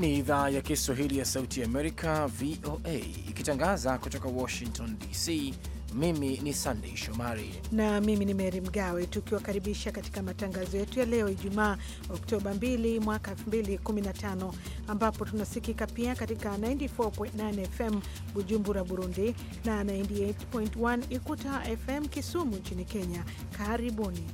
ni idhaa ya Kiswahili ya Sauti ya Amerika, VOA, ikitangaza kutoka Washington DC. Mimi ni Sandei Shomari na mimi ni Meri Mgawe, tukiwakaribisha katika matangazo yetu ya leo Ijumaa Oktoba 2 mwaka 2015, ambapo tunasikika pia katika 94.9 FM Bujumbura, Burundi na 98.1 Ikuta FM Kisumu nchini Kenya. Karibuni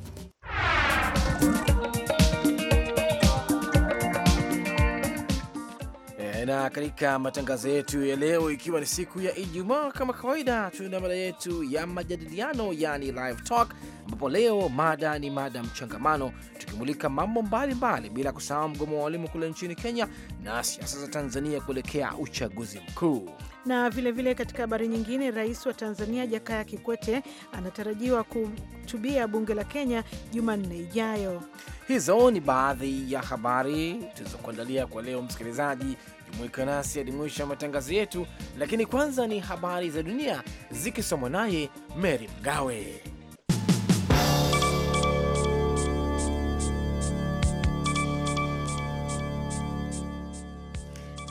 na katika matangazo yetu ya leo, ikiwa ni siku ya Ijumaa, kama kawaida, tuna mada yetu ya majadiliano, yani live talk, ambapo leo mada ni mada mchangamano, tukimulika mambo mbalimbali, bila kusahau mgomo wa walimu kule nchini Kenya na siasa za Tanzania kuelekea uchaguzi mkuu. Na vilevile vile katika habari nyingine, rais wa Tanzania Jakaya Kikwete anatarajiwa kuhutubia bunge la Kenya Jumanne ijayo. Hizo ni baadhi ya habari tulizokuandalia kwa leo, msikilizaji Jumuika nasi hadi mwisho ya matangazo yetu, lakini kwanza ni habari za dunia zikisomwa naye Mary Mgawe.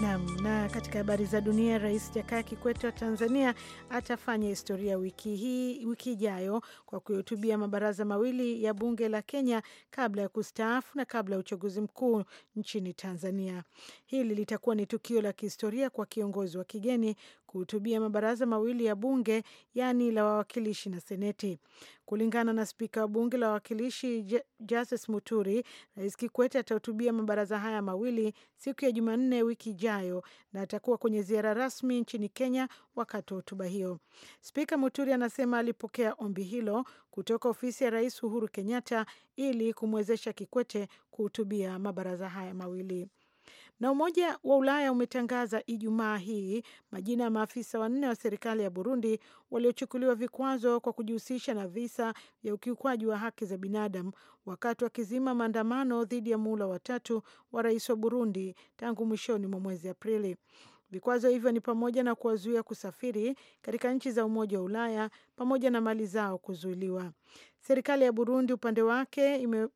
Nam na katika habari za dunia, Rais Jakaya Kikwete wa Tanzania atafanya historia wiki hii wiki ijayo kwa kuhutubia mabaraza mawili ya bunge la Kenya kabla ya kustaafu na kabla ya uchaguzi mkuu nchini Tanzania. Hili litakuwa ni tukio la kihistoria kwa kiongozi wa kigeni kuhutubia mabaraza mawili ya bunge, yaani la wawakilishi na seneti. Kulingana na spika wa bunge la wawakilishi Justice Muturi, Rais Kikwete atahutubia mabaraza haya mawili siku ya Jumanne wiki ijayo na atakuwa kwenye ziara rasmi nchini Kenya wakati wa hotuba hiyo. Spika Muturi anasema alipokea ombi hilo kutoka ofisi ya Rais Uhuru Kenyatta ili kumwezesha Kikwete kuhutubia mabaraza haya mawili. Na Umoja wa Ulaya umetangaza Ijumaa hii majina ya maafisa wanne wa serikali ya Burundi waliochukuliwa vikwazo kwa kujihusisha na visa vya ukiukwaji wa haki za binadamu wakati wakizima maandamano dhidi ya muhula watatu wa rais wa Burundi tangu mwishoni mwa mwezi Aprili. Vikwazo hivyo ni pamoja na kuwazuia kusafiri katika nchi za Umoja wa Ulaya pamoja na mali zao kuzuiliwa. Serikali ya Burundi upande wake ime,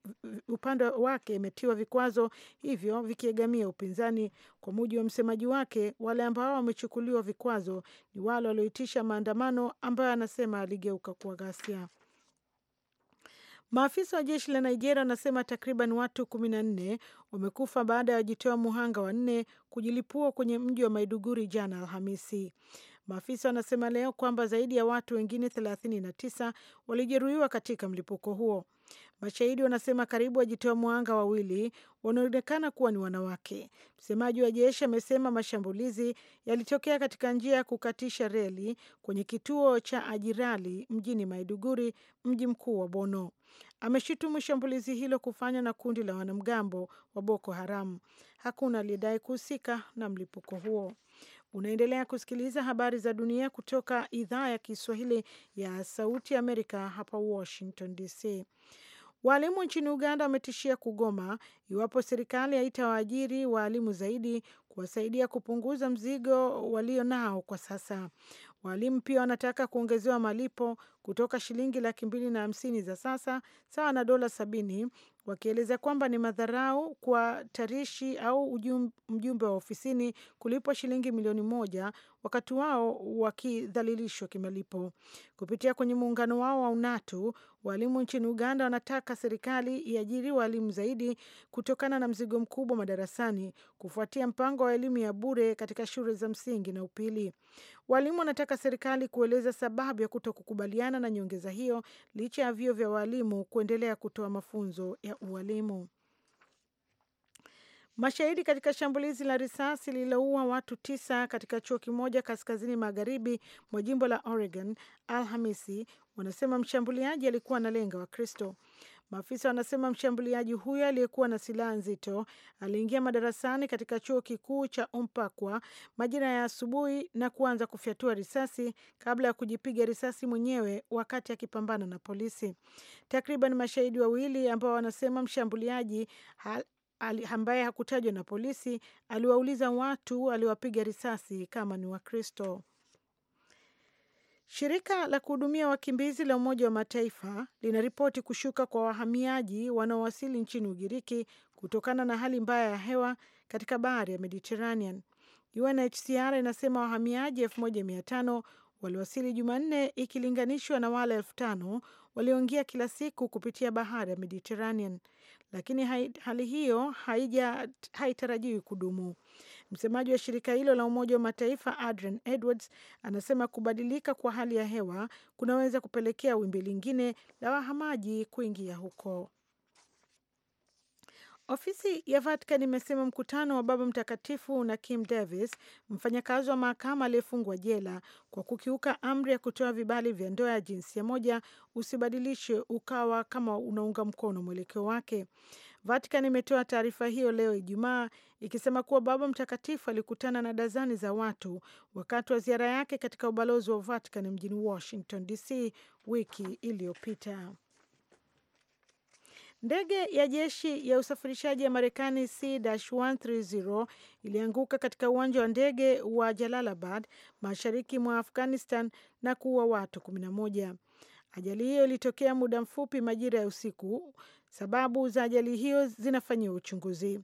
upande wake imetiwa vikwazo hivyo vikiegamia upinzani. Kwa mujibu wa msemaji wake, wale ambao wamechukuliwa vikwazo ni wale walioitisha maandamano ambayo anasema aligeuka kuwa ghasia. Maafisa wa jeshi la Nigeria wanasema takriban watu kumi na nne wamekufa baada ya wajitoa muhanga wanne kujilipua kwenye mji wa Maiduguri jana Alhamisi. Maafisa wanasema leo kwamba zaidi ya watu wengine 39 walijeruhiwa katika mlipuko huo. Mashahidi wanasema karibu wajitoa mwanga wawili wanaonekana kuwa ni wanawake. Msemaji wa jeshi amesema mashambulizi yalitokea katika njia ya kukatisha reli kwenye kituo cha Ajirali mjini Maiduguri, mji mkuu wa bono Ameshutumu shambulizi hilo kufanywa na kundi la wanamgambo wa Boko Haram. Hakuna aliyedai kuhusika na mlipuko huo. Unaendelea kusikiliza habari za dunia kutoka idhaa ya Kiswahili ya Sauti Amerika, hapa Washington DC. Waalimu nchini Uganda wametishia kugoma iwapo serikali haitawaajiri waalimu zaidi kuwasaidia kupunguza mzigo walio nao kwa sasa. Waalimu pia wanataka kuongezewa malipo kutoka shilingi laki mbili na hamsini za sasa sawa na dola sabini, wakieleza kwamba ni madharau kwa tarishi au mjumbe wa ofisini kulipwa shilingi milioni moja wakati wao wakidhalilishwa kimalipo. Kupitia kwenye muungano wao wa UNATU, walimu nchini Uganda wanataka serikali iajiri walimu zaidi kutokana na mzigo mkubwa madarasani kufuatia mpango wa elimu ya bure katika shule za msingi na upili. Walimu wanataka serikali kueleza sababu ya kuto kukubaliana kutokana na nyongeza hiyo licha ya vyuo vya walimu kuendelea kutoa mafunzo ya ualimu. Mashahidi katika shambulizi la risasi lililoua watu tisa katika chuo kimoja kaskazini magharibi mwa jimbo la Oregon Alhamisi wanasema mshambuliaji alikuwa analenga Wakristo. Maafisa wanasema mshambuliaji huyo aliyekuwa na silaha nzito aliingia madarasani katika chuo kikuu cha Umpakwa majira ya asubuhi na kuanza kufyatua risasi kabla ya kujipiga risasi mwenyewe wakati akipambana na polisi. Takriban mashahidi wawili ambao wanasema mshambuliaji ambaye hakutajwa na polisi aliwauliza watu aliwapiga risasi kama ni Wakristo. Shirika la kuhudumia wakimbizi la Umoja wa Mataifa linaripoti kushuka kwa wahamiaji wanaowasili nchini Ugiriki kutokana na hali mbaya ya hewa katika bahari ya Mediterranean. UNHCR inasema wahamiaji 1500 waliwasili Jumanne ikilinganishwa na wale 5000 walioingia kila siku kupitia bahari ya Mediterranean, lakini hali hiyo haitarajiwi kudumu. Msemaji wa shirika hilo la Umoja wa Mataifa Adrian Edwards anasema kubadilika kwa hali ya hewa kunaweza kupelekea wimbi lingine la wahamaji kuingia huko. Ofisi ya Vatican imesema mkutano wa Baba Mtakatifu na Kim Davis, mfanyakazi wa mahakama aliyefungwa jela kwa kukiuka amri ya kutoa vibali vya ndoa ya jinsia moja, usibadilishe ukawa kama unaunga mkono mwelekeo wake. Vatican imetoa taarifa hiyo leo Ijumaa ikisema kuwa Baba Mtakatifu alikutana na dazani za watu wakati wa ziara yake katika ubalozi wa Vatican mjini Washington DC wiki iliyopita. Ndege ya jeshi ya usafirishaji ya Marekani C-130 ilianguka katika uwanja wa ndege wa Jalalabad mashariki mwa Afghanistan na kuua watu 11. Ajali hiyo ilitokea muda mfupi majira ya usiku Sababu za ajali hiyo zinafanyiwa uchunguzi.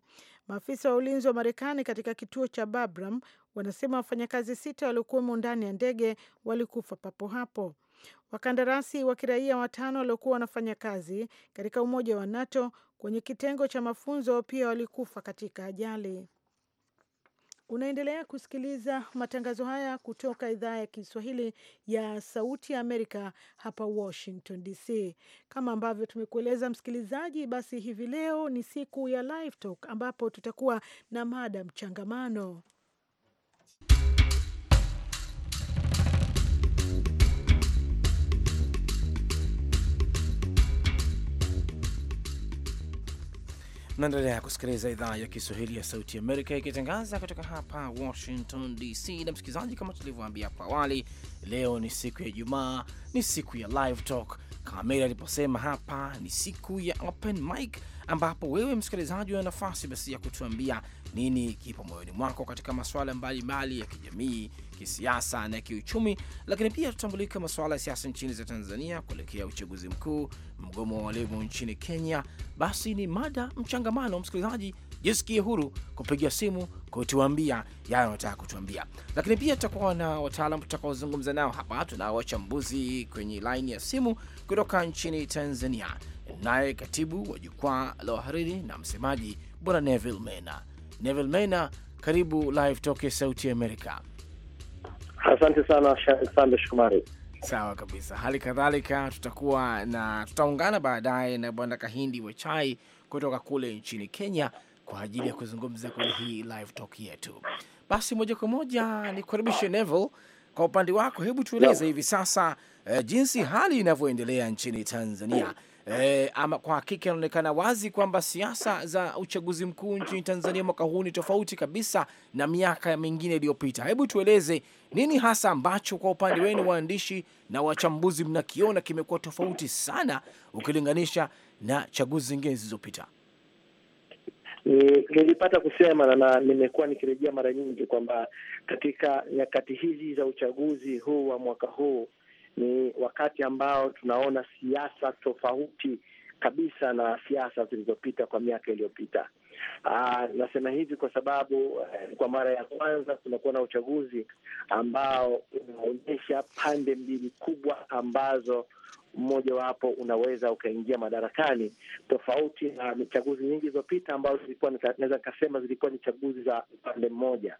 Maafisa wa ulinzi wa Marekani katika kituo cha babram wanasema wafanyakazi sita waliokuwemo ndani ya ndege walikufa papo hapo. Wakandarasi wa kiraia watano waliokuwa wanafanya kazi katika Umoja wa NATO kwenye kitengo cha mafunzo pia walikufa katika ajali. Unaendelea kusikiliza matangazo haya kutoka idhaa ya Kiswahili ya Sauti ya Amerika hapa Washington DC. Kama ambavyo tumekueleza msikilizaji, basi hivi leo ni siku ya Live Talk ambapo tutakuwa na mada mchangamano Naendelea kusikiliza idhaa ya Kiswahili ya Sauti Amerika ikitangaza kutoka hapa Washington DC. Na msikilizaji, kama tulivyoambia hapo awali, leo ni siku ya Ijumaa, ni siku ya Live Talk Kamel aliposema hapa ni siku ya open mic, ambapo wewe msikilizaji una nafasi basi ya kutuambia nini kipo moyoni mwako katika masuala mbalimbali ya kijamii, kisiasa na kiuchumi. Lakini pia tutambulika masuala ya siasa nchini za Tanzania kuelekea uchaguzi mkuu, mgomo wa walimu nchini Kenya. Basi ni mada mchangamano, msikilizaji jisikie huru kupiga simu kutuambia yale unataka kutuambia, lakini pia tutakuwa na wataalam tutakaozungumza nao hapa. Tunao wachambuzi kwenye laini ya simu kutoka nchini Tanzania. Naye katibu wa jukwaa la wahariri na msemaji bwana Neville Mena. Neville Mena, karibu live toke Sauti Amerika. Asante sana Sande shumari Sawa kabisa. Hali kadhalika tutakuwa na tutaungana baadaye na bwana Kahindi wa chai kutoka kule nchini Kenya kwa ajili ya kuzungumza kwenye hii live talk yetu. Basi moja kwa moja ni kukaribishe Neville, kwa upande wako, hebu tueleze hivi sasa eh, jinsi hali inavyoendelea nchini Tanzania. Eh, ama kwa hakika inaonekana wazi kwamba siasa za uchaguzi mkuu nchini Tanzania mwaka huu ni tofauti kabisa na miaka mingine iliyopita. Hebu tueleze nini hasa ambacho kwa upande wenu waandishi na wachambuzi mnakiona kimekuwa tofauti sana ukilinganisha na chaguzi zingine zilizopita? Eh, nilipata kusema na nimekuwa nikirejea mara nyingi kwamba katika nyakati hizi za uchaguzi huu wa mwaka huu ni wakati ambao tunaona siasa tofauti kabisa na siasa zilizopita kwa miaka iliyopita. Ah, nasema hivi kwa sababu eh, kwa mara ya kwanza tunakuwa na uchaguzi ambao unaonyesha pande mbili kubwa ambazo mmojawapo unaweza ukaingia madarakani, tofauti na chaguzi nyingi zilizopita ambazo zilikuwa naweza nikasema zilikuwa ni chaguzi za upande mmoja,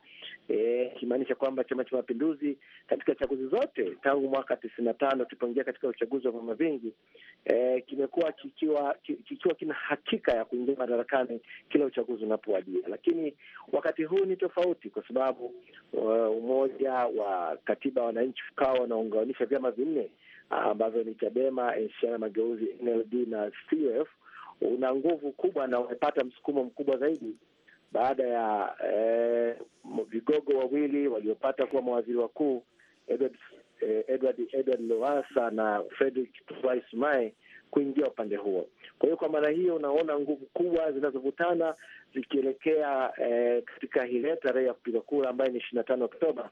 ikimaanisha e, kwamba Chama cha Mapinduzi katika chaguzi zote tangu mwaka tisini na tano tulipoingia katika uchaguzi wa vyama vingi e, kimekuwa kikiwa kikiwa kina hakika ya kuingia madarakani kila uchaguzi unapowadia, lakini wakati huu ni tofauti kwa sababu e, umoja wa katiba wananchi ukawa wanaunganisha vyama vinne Ah, ambazo ni Chadema, Chama Mageuzi, NLD na CUF una nguvu kubwa na umepata msukumo mkubwa zaidi baada ya eh, vigogo wawili waliopata kuwa mawaziri wakuu Edward, eh, Edward, Edward Lowassa na Frederick Tluway Sumaye kuingia upande huo. Kwa hiyo kwa maana hiyo unaona nguvu kubwa zinazovutana zikielekea eh, katika ile tarehe ya kupiga kura ambayo ni ishirini na tano Oktoba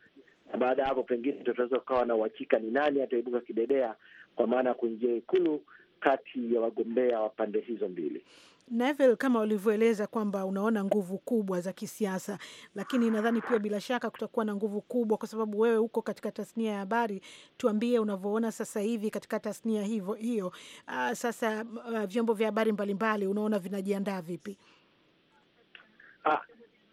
na baada ya hapo pengine tutaweza kukawa na uhakika ni nani ataibuka kidedea, kwa maana ya kuingia Ikulu kati ya wagombea wa pande hizo mbili. Neville, kama ulivyoeleza kwamba unaona nguvu kubwa za kisiasa, lakini nadhani pia bila shaka kutakuwa na nguvu kubwa, kwa sababu wewe uko katika tasnia ya habari. Tuambie unavyoona sasa hivi katika tasnia hivyo hiyo. Aa, ah, sasa uh, vyombo vya habari mbalimbali unaona vinajiandaa vipi? Ah,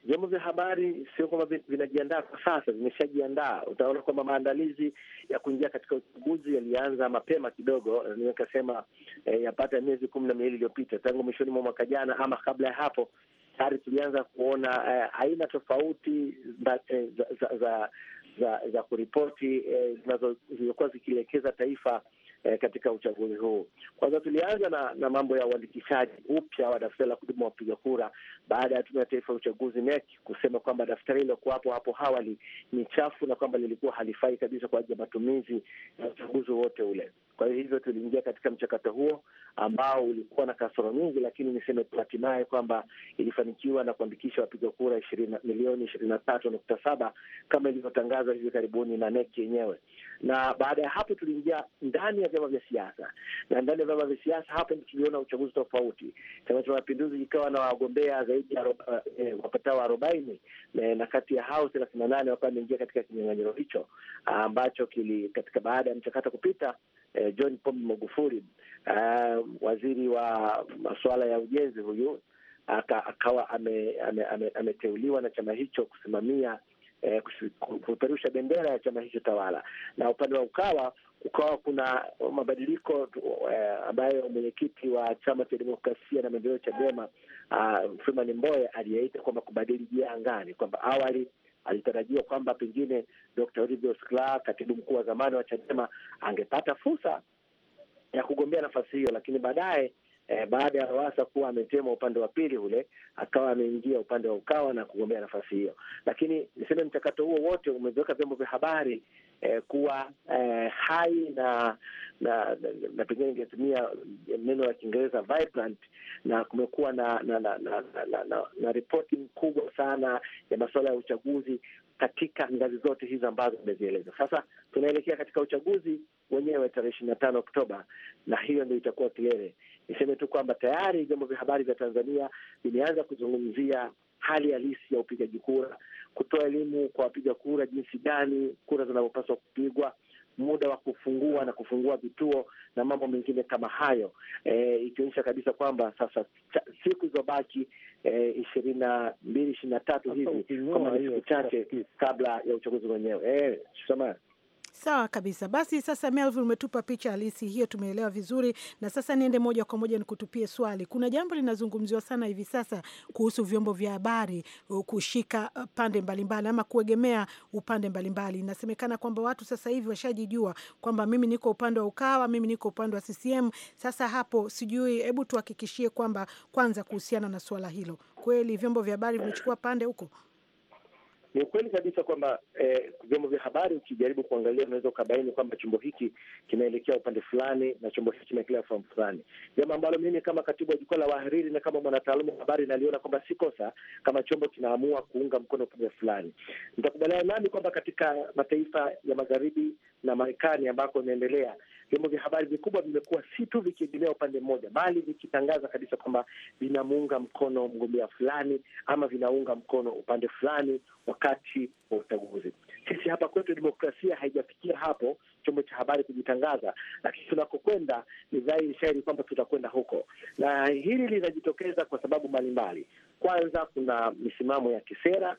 vyombo vya habari sio kwamba vinajiandaa kwa sasa, vimeshajiandaa. Utaona kwamba maandalizi ya kuingia katika uchaguzi yalianza mapema kidogo, nikasema eh, yapata miezi kumi na miwili iliyopita tangu mwishoni mwa mwaka jana ama kabla ya hapo tayari tulianza kuona eh, aina tofauti za, eh, za, za, za, za, za kuripoti eh, zilizokuwa zikielekeza taifa eh, katika uchaguzi huu. Kwanza tulianza na, na mambo ya uandikishaji upya wa daftari la kudumu wapiga kura baada ya Tume ya Taifa ya Uchaguzi NEC kusema kwamba daftari lilokuwapo hapo awali ni chafu na kwamba lilikuwa halifai kabisa kwa ajili ya matumizi ya uchaguzi wote ule. Kwa hivyo tuliingia katika mchakato huo ambao ulikuwa na kasoro nyingi, lakini niseme tu hatimaye kwamba ilifanikiwa na kuandikisha wapiga kura milioni ishirini na tatu nukta saba kama ilivyotangazwa hivi karibuni na NEC yenyewe. Na baada ya hapo tuliingia ndani ya vyama vya siasa, na ndani ya vyama vya siasa hapo tuliona uchaguzi tofauti. Chama cha Mapinduzi ikawa na wagombea zaidi ya eh, wapatao arobaini na kati ya hao thelathini na nane wakawa wameingia katika kinyang'anyiro hicho ambacho kili katika baada ya mchakato kupita eh, John Pombe Magufuli uh, waziri wa masuala ya ujenzi huyu aka, akawa ameteuliwa ame, ame, ame na chama hicho kusimamia eh, kupeperusha bendera ya chama hicho tawala, na upande wa Ukawa ukawa kuna mabadiliko eh, ambayo mwenyekiti wa chama cha demokrasia na maendeleo Chadema uh, Freeman Mbowe aliyeita kwamba kubadili jia angani, kwamba awali alitarajiwa kwamba pengine Dr. Olivio Slaa, katibu mkuu wa zamani wa Chadema, angepata fursa ya kugombea nafasi hiyo, lakini baadaye eh, baada ya Lowassa kuwa ametema upande wa pili ule, akawa ameingia upande wa Ukawa na kugombea nafasi hiyo. Lakini niseme mchakato huo wote umeviweka vyombo vya habari eh, kuwa eh, hai na na, na, na pengine ingetumia neno la Kiingereza vibrant, na kumekuwa na na, na, na, na, na, na ripoti kubwa sana ya masuala ya uchaguzi katika ngazi zote hizo ambazo imezieleza. Sasa tunaelekea katika uchaguzi wenyewe tarehe ishirini na tano Oktoba, na hiyo ndio itakuwa kilele. Niseme tu kwamba tayari vyombo vya habari vya Tanzania vimeanza kuzungumzia hali halisi ya upigaji kura kutoa elimu kwa wapiga kura, jinsi gani kura zinavyopaswa kupigwa, muda wa kufungua na kufungua vituo na mambo mengine kama hayo, e, ikionyesha kabisa kwamba sasa siku zilizobaki e, ishirini na mbili ishirini na tatu hivi kama ni siku chache kabla ya uchaguzi wenyewe. E, Sawa kabisa. Basi sasa, Melvin, umetupa picha halisi hiyo, tumeelewa vizuri. Na sasa niende moja kwa moja nikutupie swali. Kuna jambo linazungumziwa sana hivi sasa kuhusu vyombo vya habari uh, kushika uh, pande mbalimbali mbali, ama kuegemea upande mbalimbali. Inasemekana kwamba watu sasa hivi washajijua kwamba mimi niko upande wa Ukawa, mimi niko upande wa CCM. Sasa hapo sijui, hebu tuhakikishie kwamba kwanza, kuhusiana na swala hilo, kweli vyombo vya habari vimechukua pande huko? Ni ukweli kabisa kwamba eh, vyombo vya habari ukijaribu kuangalia, unaweza ukabaini kwamba chombo hiki kinaelekea upande fulani na chombo hiki kinaelekea upande fulani, jambo ambalo mimi kama katibu wa jukwaa la wahariri na kama mwanataaluma wa habari naliona kwamba si kosa kama chombo kinaamua kuunga mkono upande fulani. Nitakubaliana nani kwamba katika mataifa ya magharibi na Marekani ambako inaendelea vyombo vya habari vikubwa vimekuwa si tu vikiendelea upande mmoja, bali vikitangaza kabisa kwamba vinamuunga mkono mgombea fulani ama vinaunga mkono upande fulani wakati wa uchaguzi. Sisi hapa kwetu demokrasia haijafikia hapo chombo cha habari kujitangaza, lakini tunakokwenda ni dhahiri shairi kwamba tutakwenda huko, na hili linajitokeza kwa sababu mbalimbali. Kwanza, kuna misimamo ya kisera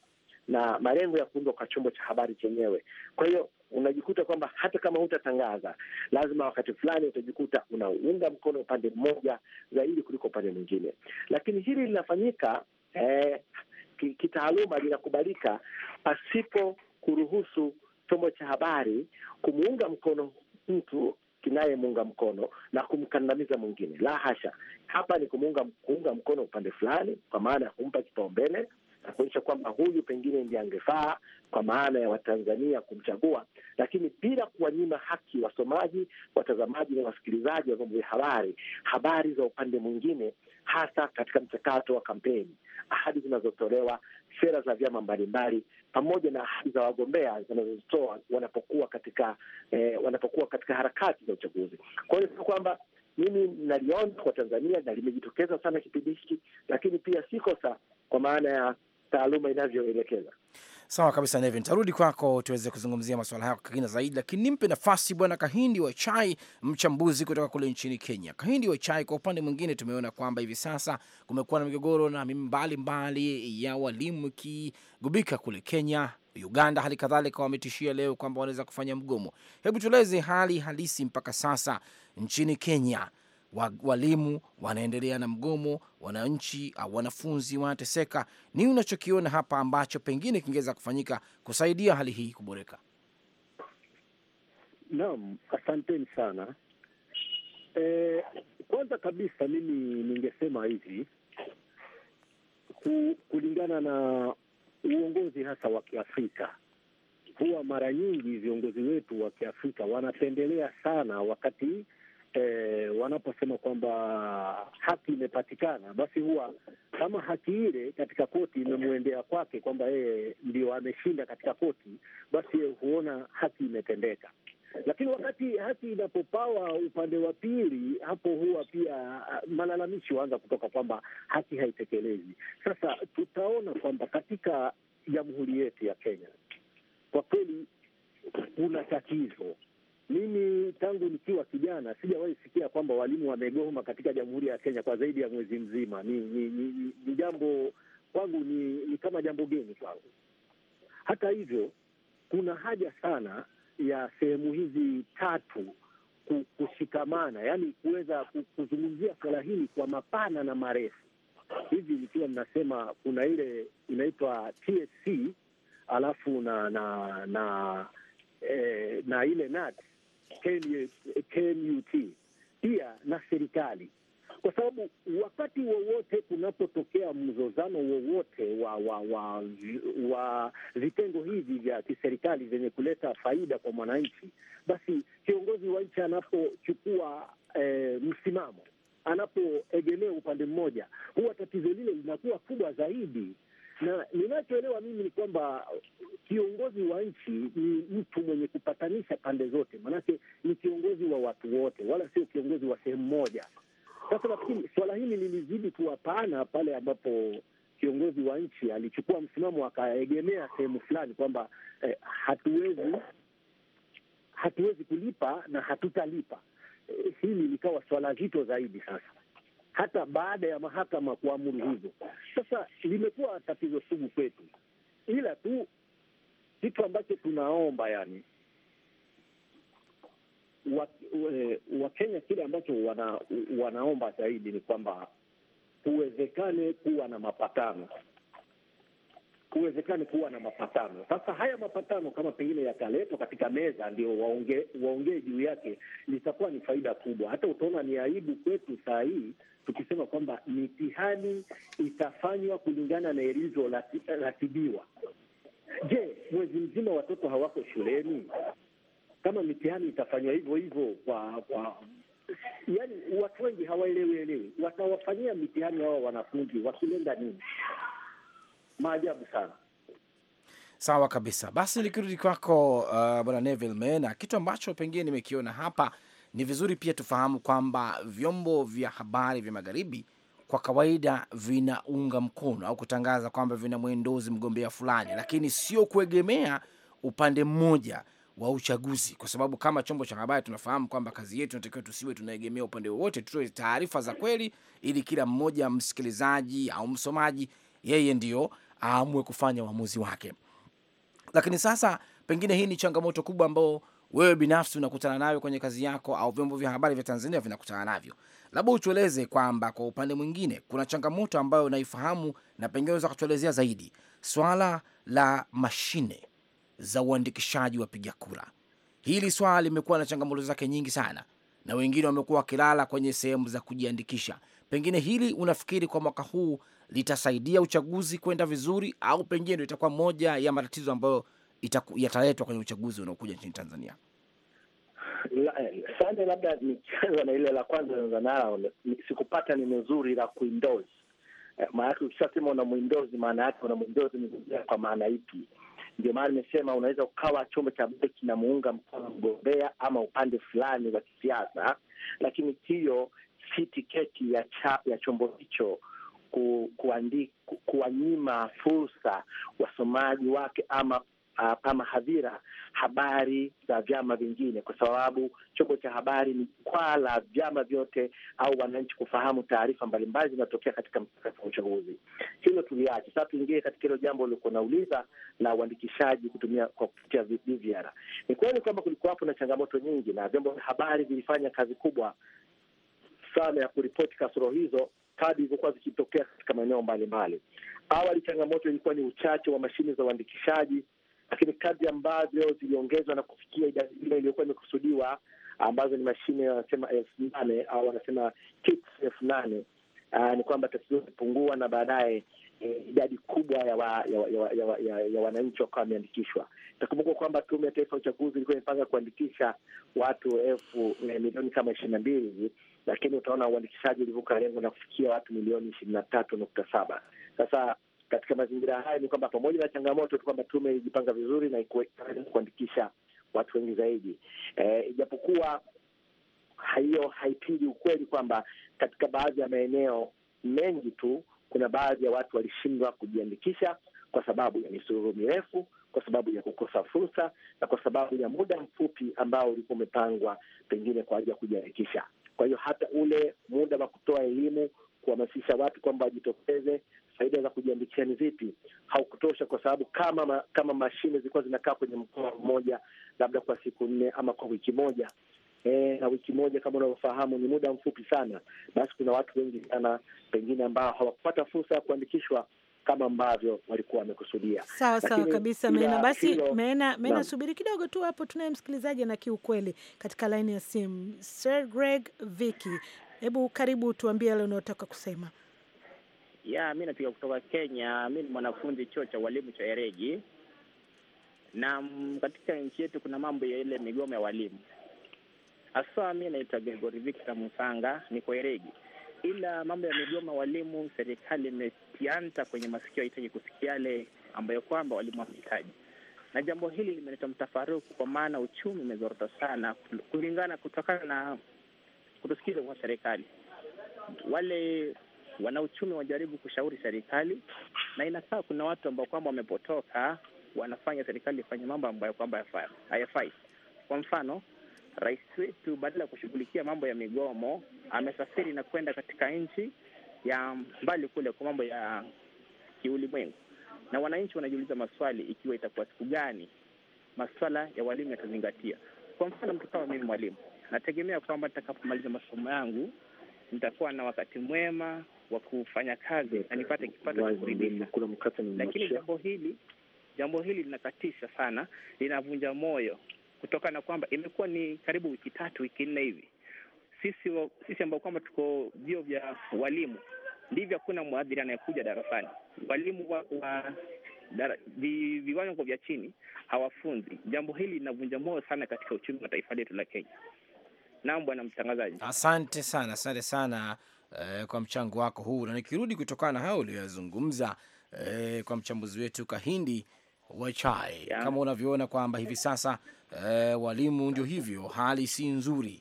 na malengo ya kuundwa kwa chombo cha habari chenyewe. Kwa hiyo unajikuta kwamba hata kama hutatangaza, lazima wakati fulani utajikuta unaunga mkono upande mmoja zaidi kuliko upande mwingine. Lakini hili linafanyika eh, kitaaluma, linakubalika pasipo kuruhusu chombo cha habari kumuunga mkono mtu kinayemuunga mkono na kumkandamiza mwingine. La hasha, hapa ni kumuunga, kuunga mkono upande fulani, kwa maana ya kumpa kipaumbele na kuonyesha kwamba huyu pengine ndiye angefaa kwa maana ya Watanzania kumchagua, lakini bila kuwanyima haki wasomaji, watazamaji na wasikilizaji wa vyombo vya habari, habari za upande mwingine, hasa katika mchakato wa kampeni, ahadi zinazotolewa, sera za vyama mbalimbali, pamoja na ahadi za wagombea zinazozitoa wanapokuwa katika eh, wanapokuwa katika harakati za uchaguzi. Kwa hiyo sio kwamba mimi naliona kwa Tanzania na limejitokeza sana kipindi hiki, lakini pia si kosa kwa maana ya taaluma inavyoelekeza. Sawa kabisa, Nevin, tarudi kwako tuweze kuzungumzia masuala hayo kwa kina zaidi, lakini nimpe nafasi Bwana Kahindi wa Chai, mchambuzi kutoka kule nchini Kenya. Kahindi wa Chai, kwa upande mwingine tumeona kwamba hivi sasa kumekuwa na migogoro na mbalimbali ya walimu ikigubika kule Kenya, Uganda hali kadhalika, wametishia leo kwamba wanaweza kufanya mgomo. Hebu tueleze hali halisi mpaka sasa nchini Kenya walimu wanaendelea na mgomo, wananchi au ah, wanafunzi wanateseka. Nini unachokiona hapa ambacho pengine kingeweza kufanyika kusaidia hali hii kuboreka? Naam, asanteni sana. E, kwanza kabisa mimi ningesema hivi kulingana na uongozi hasa wa Kiafrika, huwa mara nyingi viongozi wetu wa Kiafrika wanapendelea sana wakati e, wanaposema kwamba haki imepatikana, basi huwa kama haki ile katika koti imemwendea kwake kwamba yeye ndio ameshinda katika koti, basi yeye huona haki imetendeka. Lakini wakati haki inapopawa upande wa pili, hapo huwa pia ah, malalamishi huanza kutoka kwamba haki haitekelezi. Sasa tutaona kwamba katika jamhuri yetu ya Kenya kwa kweli kuna tatizo mimi tangu nikiwa kijana sijawahi sikia kwamba walimu wamegoma katika Jamhuri ya Kenya kwa zaidi ya mwezi mzima. Ni ni, ni, ni jambo kwangu ni, ni kama jambo geni kwangu. Hata hivyo, kuna haja sana ya sehemu hizi tatu kushikamana, yaani kuweza kuzungumzia swala hili kwa mapana na marefu. Hivi nikiwa mnasema kuna ile inaitwa TSC alafu na na na, e, na ile nati KMUT pia na serikali, kwa sababu wakati wowote kunapotokea mzozano wowote wa wa, wa wa vitengo hivi vya kiserikali vyenye kuleta faida kwa mwananchi, basi kiongozi wa nchi anapochukua e, msimamo, anapoegemea upande mmoja, huwa tatizo lile linakuwa kubwa zaidi na ninachoelewa mimi ni kwamba kiongozi wa nchi ni mtu mwenye kupatanisha pande zote, maanake ni kiongozi wa watu wote, wala sio kiongozi wa sehemu moja. Sasa nafikiri swala hili lilizidi kuwa pana pale ambapo kiongozi wa nchi alichukua msimamo akaegemea sehemu fulani kwamba eh, hatuwezi hatuwezi kulipa na hatutalipa. Eh, hili likawa swala zito zaidi sasa hata baada ya mahakama kuamuru hivyo. Sasa limekuwa tatizo sugu kwetu, ila tu kitu ambacho tunaomba yani Wakenya wa kile ambacho wana, wanaomba zaidi ni kwamba kuwezekane kuwa na mapatano kuwezekane kuwa na mapatano. Sasa haya mapatano kama pengine yataletwa katika meza, ndio waongee waonge juu yake, litakuwa ni faida kubwa. Hata utaona ni aibu kwetu saa hii tukisema kwamba mitihani itafanywa kulingana na ilivyoratibiwa. Je, mwezi mzima watoto hawako shuleni? Kama mitihani itafanywa hivyo hivyo kwa kwa yaani, watu wengi hawaelewi elewi, watawafanyia mitihani hawa wanafunzi wakilenga nini? maajabu sana. Sawa kabisa. Basi nikirudi kwako, uh, bwana Neville Mena, kitu ambacho pengine nimekiona hapa ni vizuri pia tufahamu kwamba vyombo vya habari vya magharibi kwa kawaida vinaunga mkono au kutangaza kwamba vina mwendozi mgombea fulani, lakini sio kuegemea upande mmoja wa uchaguzi, kwa sababu kama chombo cha habari tunafahamu kwamba kazi yetu inatakiwa tusiwe tunaegemea upande wowote, tutoe taarifa za kweli ili kila mmoja msikilizaji au msomaji yeye ndio aamue kufanya uamuzi wake. Lakini sasa pengine hii ni changamoto kubwa ambayo wewe binafsi unakutana nayo kwenye kazi yako au vyombo vya habari vya Tanzania vinakutana navyo. Labda utueleze kwamba kwa upande mwingine kuna changamoto ambayo unaifahamu na pengine unaweza kutuelezea zaidi, swala la mashine za uandikishaji wapiga kura. Hili swala limekuwa na changamoto zake nyingi sana, na wengine wamekuwa wakilala kwenye sehemu za kujiandikisha. Pengine hili unafikiri kwa mwaka huu litasaidia uchaguzi kwenda vizuri, au pengine ndio itakuwa moja ya matatizo ambayo yataletwa kwenye uchaguzi unaokuja nchini Tanzania? La, eh, sande, labda nikianza na ile la kwanza zanao, sikupata neno zuri la kuindozi. Eh, Maanake ukishasema una mwindozi, maana yake una mwindozi kwa maana ipi? Ndio maana nimesema unaweza ukawa chombo cha habari kinamuunga mkono mgombea ama upande fulani wa kisiasa, lakini hiyo si tiketi ya, cha, ya chombo hicho ku, kuandi, ku, kuwanyima fursa wasomaji wake ama Uh, ama hadhira habari za vyama vingine, kwa sababu chombo cha habari ni jukwaa la vyama vyote au wananchi kufahamu taarifa mbalimbali zinatokea katika mchakato wa uchaguzi. Hilo tuliache sasa, tuingie katika hilo jambo uliokuwa nauliza la uandikishaji kutumia kwa kupitia dvr Ni kweli kwamba kulikuwa na changamoto nyingi, na vyombo vya habari vilifanya kazi kubwa sana ya kuripoti kasoro hizo kadi zilizokuwa zikitokea katika maeneo mbalimbali. Awali changamoto ilikuwa ni uchache wa mashine za uandikishaji, lakini kadi ambazo ziliongezwa na kufikia idadi ile iliyokuwa imekusudiwa ambazo ni mashine wanasema elfu nane au wanasema kits elfu nane ah, ni kwamba tatizo imepungua na baadaye eh, idadi kubwa ya wananchi ya, ya, ya, ya, ya, ya wakawa wameandikishwa. Itakumbuka kwamba Tume ya Taifa ya Uchaguzi ilikuwa imepanga kuandikisha watu elfu eh, milioni kama ishirini na mbili hivi, lakini utaona uandikishaji ulivuka lengo na kufikia watu milioni ishirini na tatu nukta saba. Sasa katika mazingira haya ni kwamba pamoja na changamoto tu kwamba tume ilijipanga vizuri na kuandikisha watu wengi zaidi, e, ijapokuwa e, hiyo haipigi ukweli kwamba katika baadhi ya maeneo mengi tu kuna baadhi ya watu walishindwa kujiandikisha kwa sababu ya misururu mirefu, kwa sababu ya kukosa fursa, na kwa sababu ya muda mfupi ambao ulikuwa umepangwa pengine kwa ajili ya kujiandikisha. Kwa hiyo hata ule muda wa kutoa elimu, kuhamasisha watu kwamba wajitokeze, faida za kujiandikisha ni zipi, haukutosha kwa sababu kama ma, kama mashine zilikuwa zinakaa kwenye mkoa mmoja labda kwa siku nne ama kwa wiki moja E, na wiki moja kama unavyofahamu ni muda mfupi sana. Basi kuna watu wengi sana pengine ambao hawakupata fursa ya kuandikishwa, kama ambavyo walikuwa wamekusudia. Sawa sawa kabisa, Mena. Basi Mena, Mena, subiri kidogo tu hapo, tunaye msikilizaji na kiukweli katika laini ya simu, Sir Greg Viki, hebu karibu, tuambie yale unaotaka kusema. Ya, mi napiga kutoka Kenya. Mi ni mwanafunzi chuo cha walimu cha Eregi, na mm, katika nchi yetu kuna mambo ya ile migomo ya walimu hasa. Mi naitwa Gregori Victor Musanga, niko Eregi ila mambo ya migoma walimu, serikali imetianta kwenye masikio, haitaki kusikia yale ambayo kwamba walimu wamhitaji na jambo hili limeleta mtafaruku, kwa maana uchumi umezorota sana, kulingana kutokana na kutosikiza kwa serikali. Wale wanauchumi wajaribu kushauri serikali, na inakaa kuna watu ambao kwamba wamepotoka, wanafanya serikali ifanye mambo ambayo kwamba hayafai. Kwa mfano, rais wetu badala ya kushughulikia mambo ya migomo amesafiri na kwenda katika nchi ya mbali kule kwa mambo ya kiulimwengu, na wananchi wanajiuliza maswali, ikiwa itakuwa siku gani maswala ya walimu yatazingatia. Kwa mfano, mtu kama mimi mwalimu, nategemea kwamba nitakapomaliza masomo yangu nitakuwa na wakati mwema wa kufanya kazi na nipate kipato cha kuridhisha, lakini jambo hili jambo hili linakatisha sana, linavunja moyo kutokana na kwamba imekuwa ni karibu wiki tatu wiki nne hivi sisi, sisi ambao kwamba tuko vio vya walimu ndivyo hakuna mwadhiri anayekuja darasani. Walimu wa, wa vi, viwango vya chini hawafunzi. Jambo hili linavunja moyo sana katika uchumi wa taifa letu la Kenya. Naam, bwana mtangazaji, asante sana, asante sana eh, kwa mchango wako huu, na nikirudi kutokana na hayo uliyozungumza eh, kwa mchambuzi wetu Kahindi Wachai, kama unavyoona kwamba hivi sasa eh, walimu ndio hivyo, hali si nzuri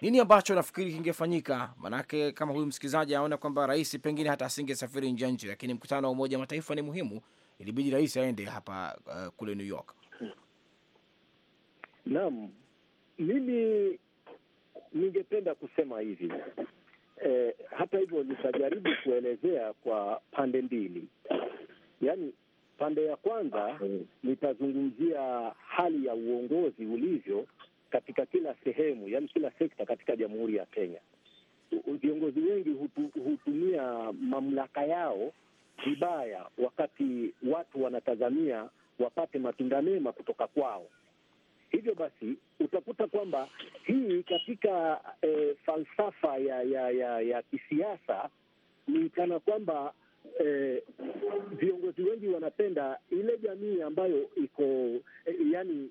nini ambacho nafikiri kingefanyika? Maanake kama huyu msikilizaji aona kwamba rais pengine hata asingesafiri nje nchi, lakini mkutano wa Umoja Mataifa ni muhimu, ilibidi rais aende hapa uh, kule New York. Naam, mimi ningependa kusema hivi e, hata hivyo nitajaribu kuelezea kwa pande mbili, yaani pande ya kwanza mm. nitazungumzia hali ya uongozi ulivyo katika kila sehemu, yani kila sekta katika Jamhuri ya Kenya. Viongozi wengi hutu, hutumia mamlaka yao vibaya, wakati watu wanatazamia wapate matunda mema kutoka kwao. Hivyo basi utakuta kwamba hii katika e, falsafa ya ya ya, ya kisiasa ni kana kwamba eh, viongozi wengi wanapenda ile jamii ambayo iko eh, yani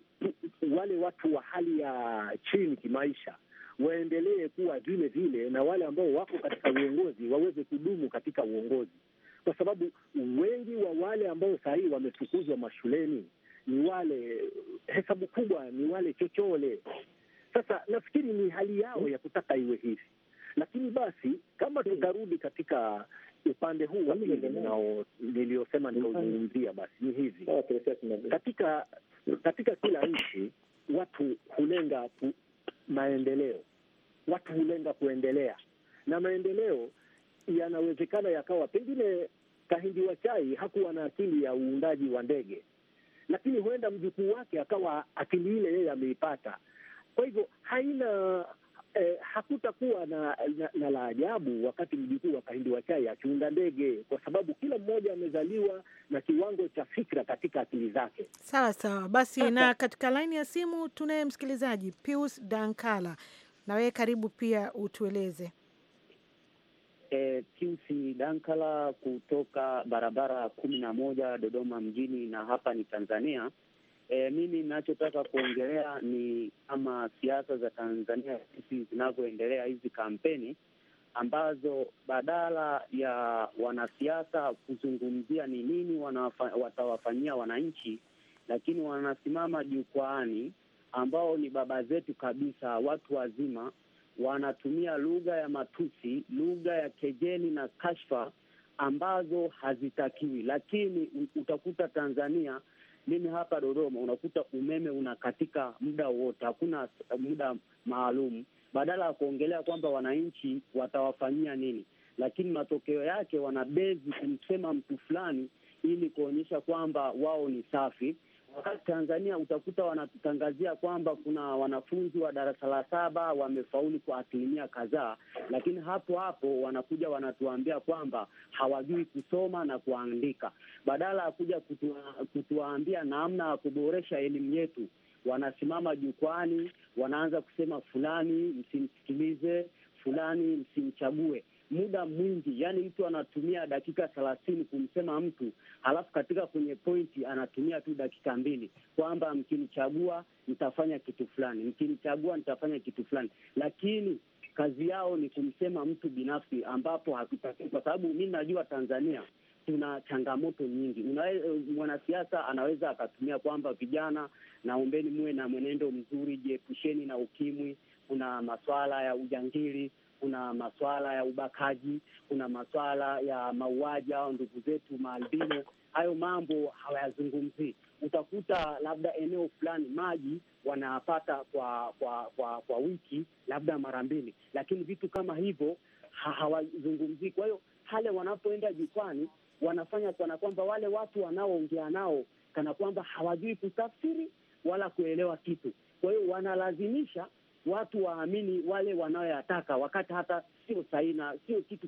wale watu wa hali ya chini kimaisha waendelee kuwa vile vile, na wale ambao wako katika uongozi waweze kudumu katika uongozi, kwa sababu wengi wa wale ambao sahii wamefukuzwa mashuleni ni wale hesabu kubwa, ni wale chochole. Sasa nafikiri ni hali yao ya kutaka iwe hivi, lakini basi kama tutarudi katika upande huu niliyosema nikauzungumzia, basi ni hivi: ah, katika katika kila nchi watu hulenga ku, maendeleo, watu hulenga kuendelea, na maendeleo yanawezekana yakawa pengine Kahindi wa chai hakuwa na akili ya uundaji wa ndege, lakini huenda mjukuu wake akawa akili ile yeye ameipata. Kwa hivyo haina eh, hakutakuwa na, na, na la ajabu wakati mjukuu wa Kahindi Wachai akiunda ndege, kwa sababu kila mmoja amezaliwa na kiwango cha fikra katika akili zake. Sawa sawa, basi Sasa. Na katika laini ya simu tunaye msikilizaji Pius Dankala, na wewe karibu pia utueleze. E, eh, Piusi Dankala kutoka barabara kumi na moja Dodoma mjini, na hapa ni Tanzania. E, mimi ninachotaka kuongelea ni kama siasa za Tanzania sisi zinavyoendelea hizi kampeni ambazo badala ya wanasiasa kuzungumzia ni nini watawafanyia wananchi, lakini wanasimama jukwaani, ambao ni baba zetu kabisa, watu wazima, wanatumia lugha ya matusi, lugha ya kejeli na kashfa ambazo hazitakiwi, lakini utakuta Tanzania mimi hapa Dodoma unakuta umeme unakatika muda wote, hakuna eh, muda maalum, badala ya kuongelea kwamba wananchi watawafanyia nini, lakini matokeo yake wanabezi kumsema mtu fulani ili kuonyesha kwamba wao ni safi Wakati Tanzania utakuta wanatangazia kwamba kuna wanafunzi wa darasa la saba wamefaulu kwa asilimia kadhaa, lakini hapo hapo wanakuja wanatuambia kwamba hawajui kusoma na kuandika. Badala ya kuja kutua, kutuambia namna ya kuboresha elimu yetu, wanasimama jukwani, wanaanza kusema fulani msimsikilize, fulani msimchague muda mwingi, yani mtu anatumia dakika thelathini kumsema mtu, halafu katika kwenye pointi anatumia tu dakika mbili, kwamba mkinichagua nitafanya kitu fulani, mkinichagua nitafanya kitu fulani, lakini kazi yao ni kumsema mtu binafsi, ambapo hatutaki, kwa sababu mi najua Tanzania tuna changamoto nyingi. Mwanasiasa anaweza akatumia kwamba vijana, naombeni muwe na mwenendo mzuri, jiepusheni na ukimwi, kuna maswala ya ujangili, kuna maswala ya ubakaji, kuna maswala ya mauaji au ndugu zetu maalbino. Hayo mambo hawayazungumzii. Utakuta labda eneo fulani maji wanapata kwa kwa kwa, kwa wiki labda mara mbili, lakini vitu kama hivyo hawazungumzii. Kwa hiyo hale wanapoenda jukwani, wanafanya kana kwamba wale watu wanaoongea nao kana kwamba hawajui kutafsiri wala kuelewa kitu, kwa hiyo wanalazimisha watu waamini wale wanaoyataka, wakati hata sio sahihi na sio kitu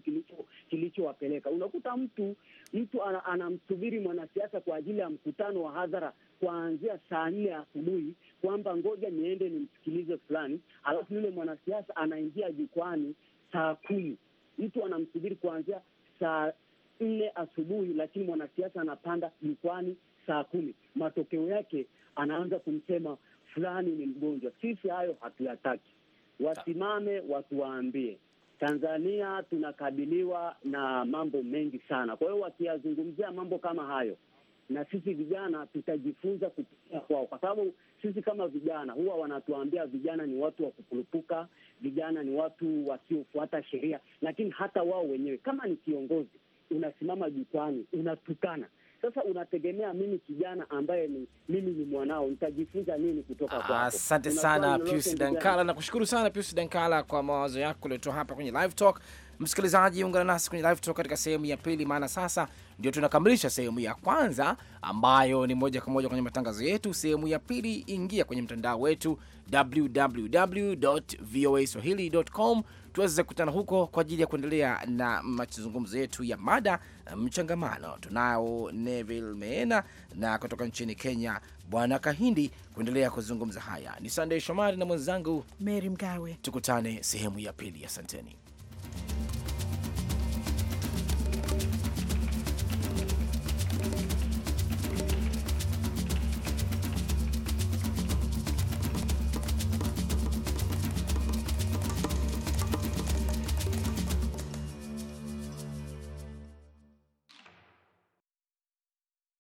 kilichowapeleka kilicho. Unakuta mtu mtu anamsubiri ana mwanasiasa kwa ajili ya mkutano wa hadhara kuanzia saa nne asubuhi kwamba ngoja niende nimsikilize fulani, alafu yule mwanasiasa anaingia jukwani saa kumi. Mtu anamsubiri kuanzia saa nne asubuhi, lakini mwanasiasa anapanda jukwani saa kumi. Matokeo yake anaanza kumsema fulani ni mgonjwa. Sisi hayo hatuyataki. Wasimame watuwaambie, Tanzania tunakabiliwa na mambo mengi sana. Kwa hiyo wakiyazungumzia mambo kama hayo, na sisi vijana tutajifunza kupitia kwao, kwa sababu sisi kama vijana huwa wanatuambia vijana ni watu wa kukurupuka, vijana ni watu wasiofuata sheria. Lakini hata wao wenyewe kama ni kiongozi, unasimama jukwani unatukana sasa unategemea mimi kijana ambaye ni mimi ni mwanao nitajifunza nini kutoka kwako? Asante sana Pius Dankala, na kushukuru sana Pius Dankala kwa mawazo yako uliotoa hapa kwenye live talk. Msikilizaji, ungana nasi kwenye live talk katika sehemu ya pili, maana sasa ndio tunakamilisha sehemu ya kwanza ambayo ni moja kwa moja kwenye matangazo yetu. Sehemu ya pili, ingia kwenye mtandao wetu www.voaswahili.com tuweze kukutana huko kwa ajili ya kuendelea na mazungumzo yetu ya mada um, mchangamano. Tunao Neville Meena na kutoka nchini Kenya Bwana Kahindi kuendelea kuzungumza haya. Ni sandey Shomari na mwenzangu Mary Mgawe. Tukutane sehemu ya pili, asanteni.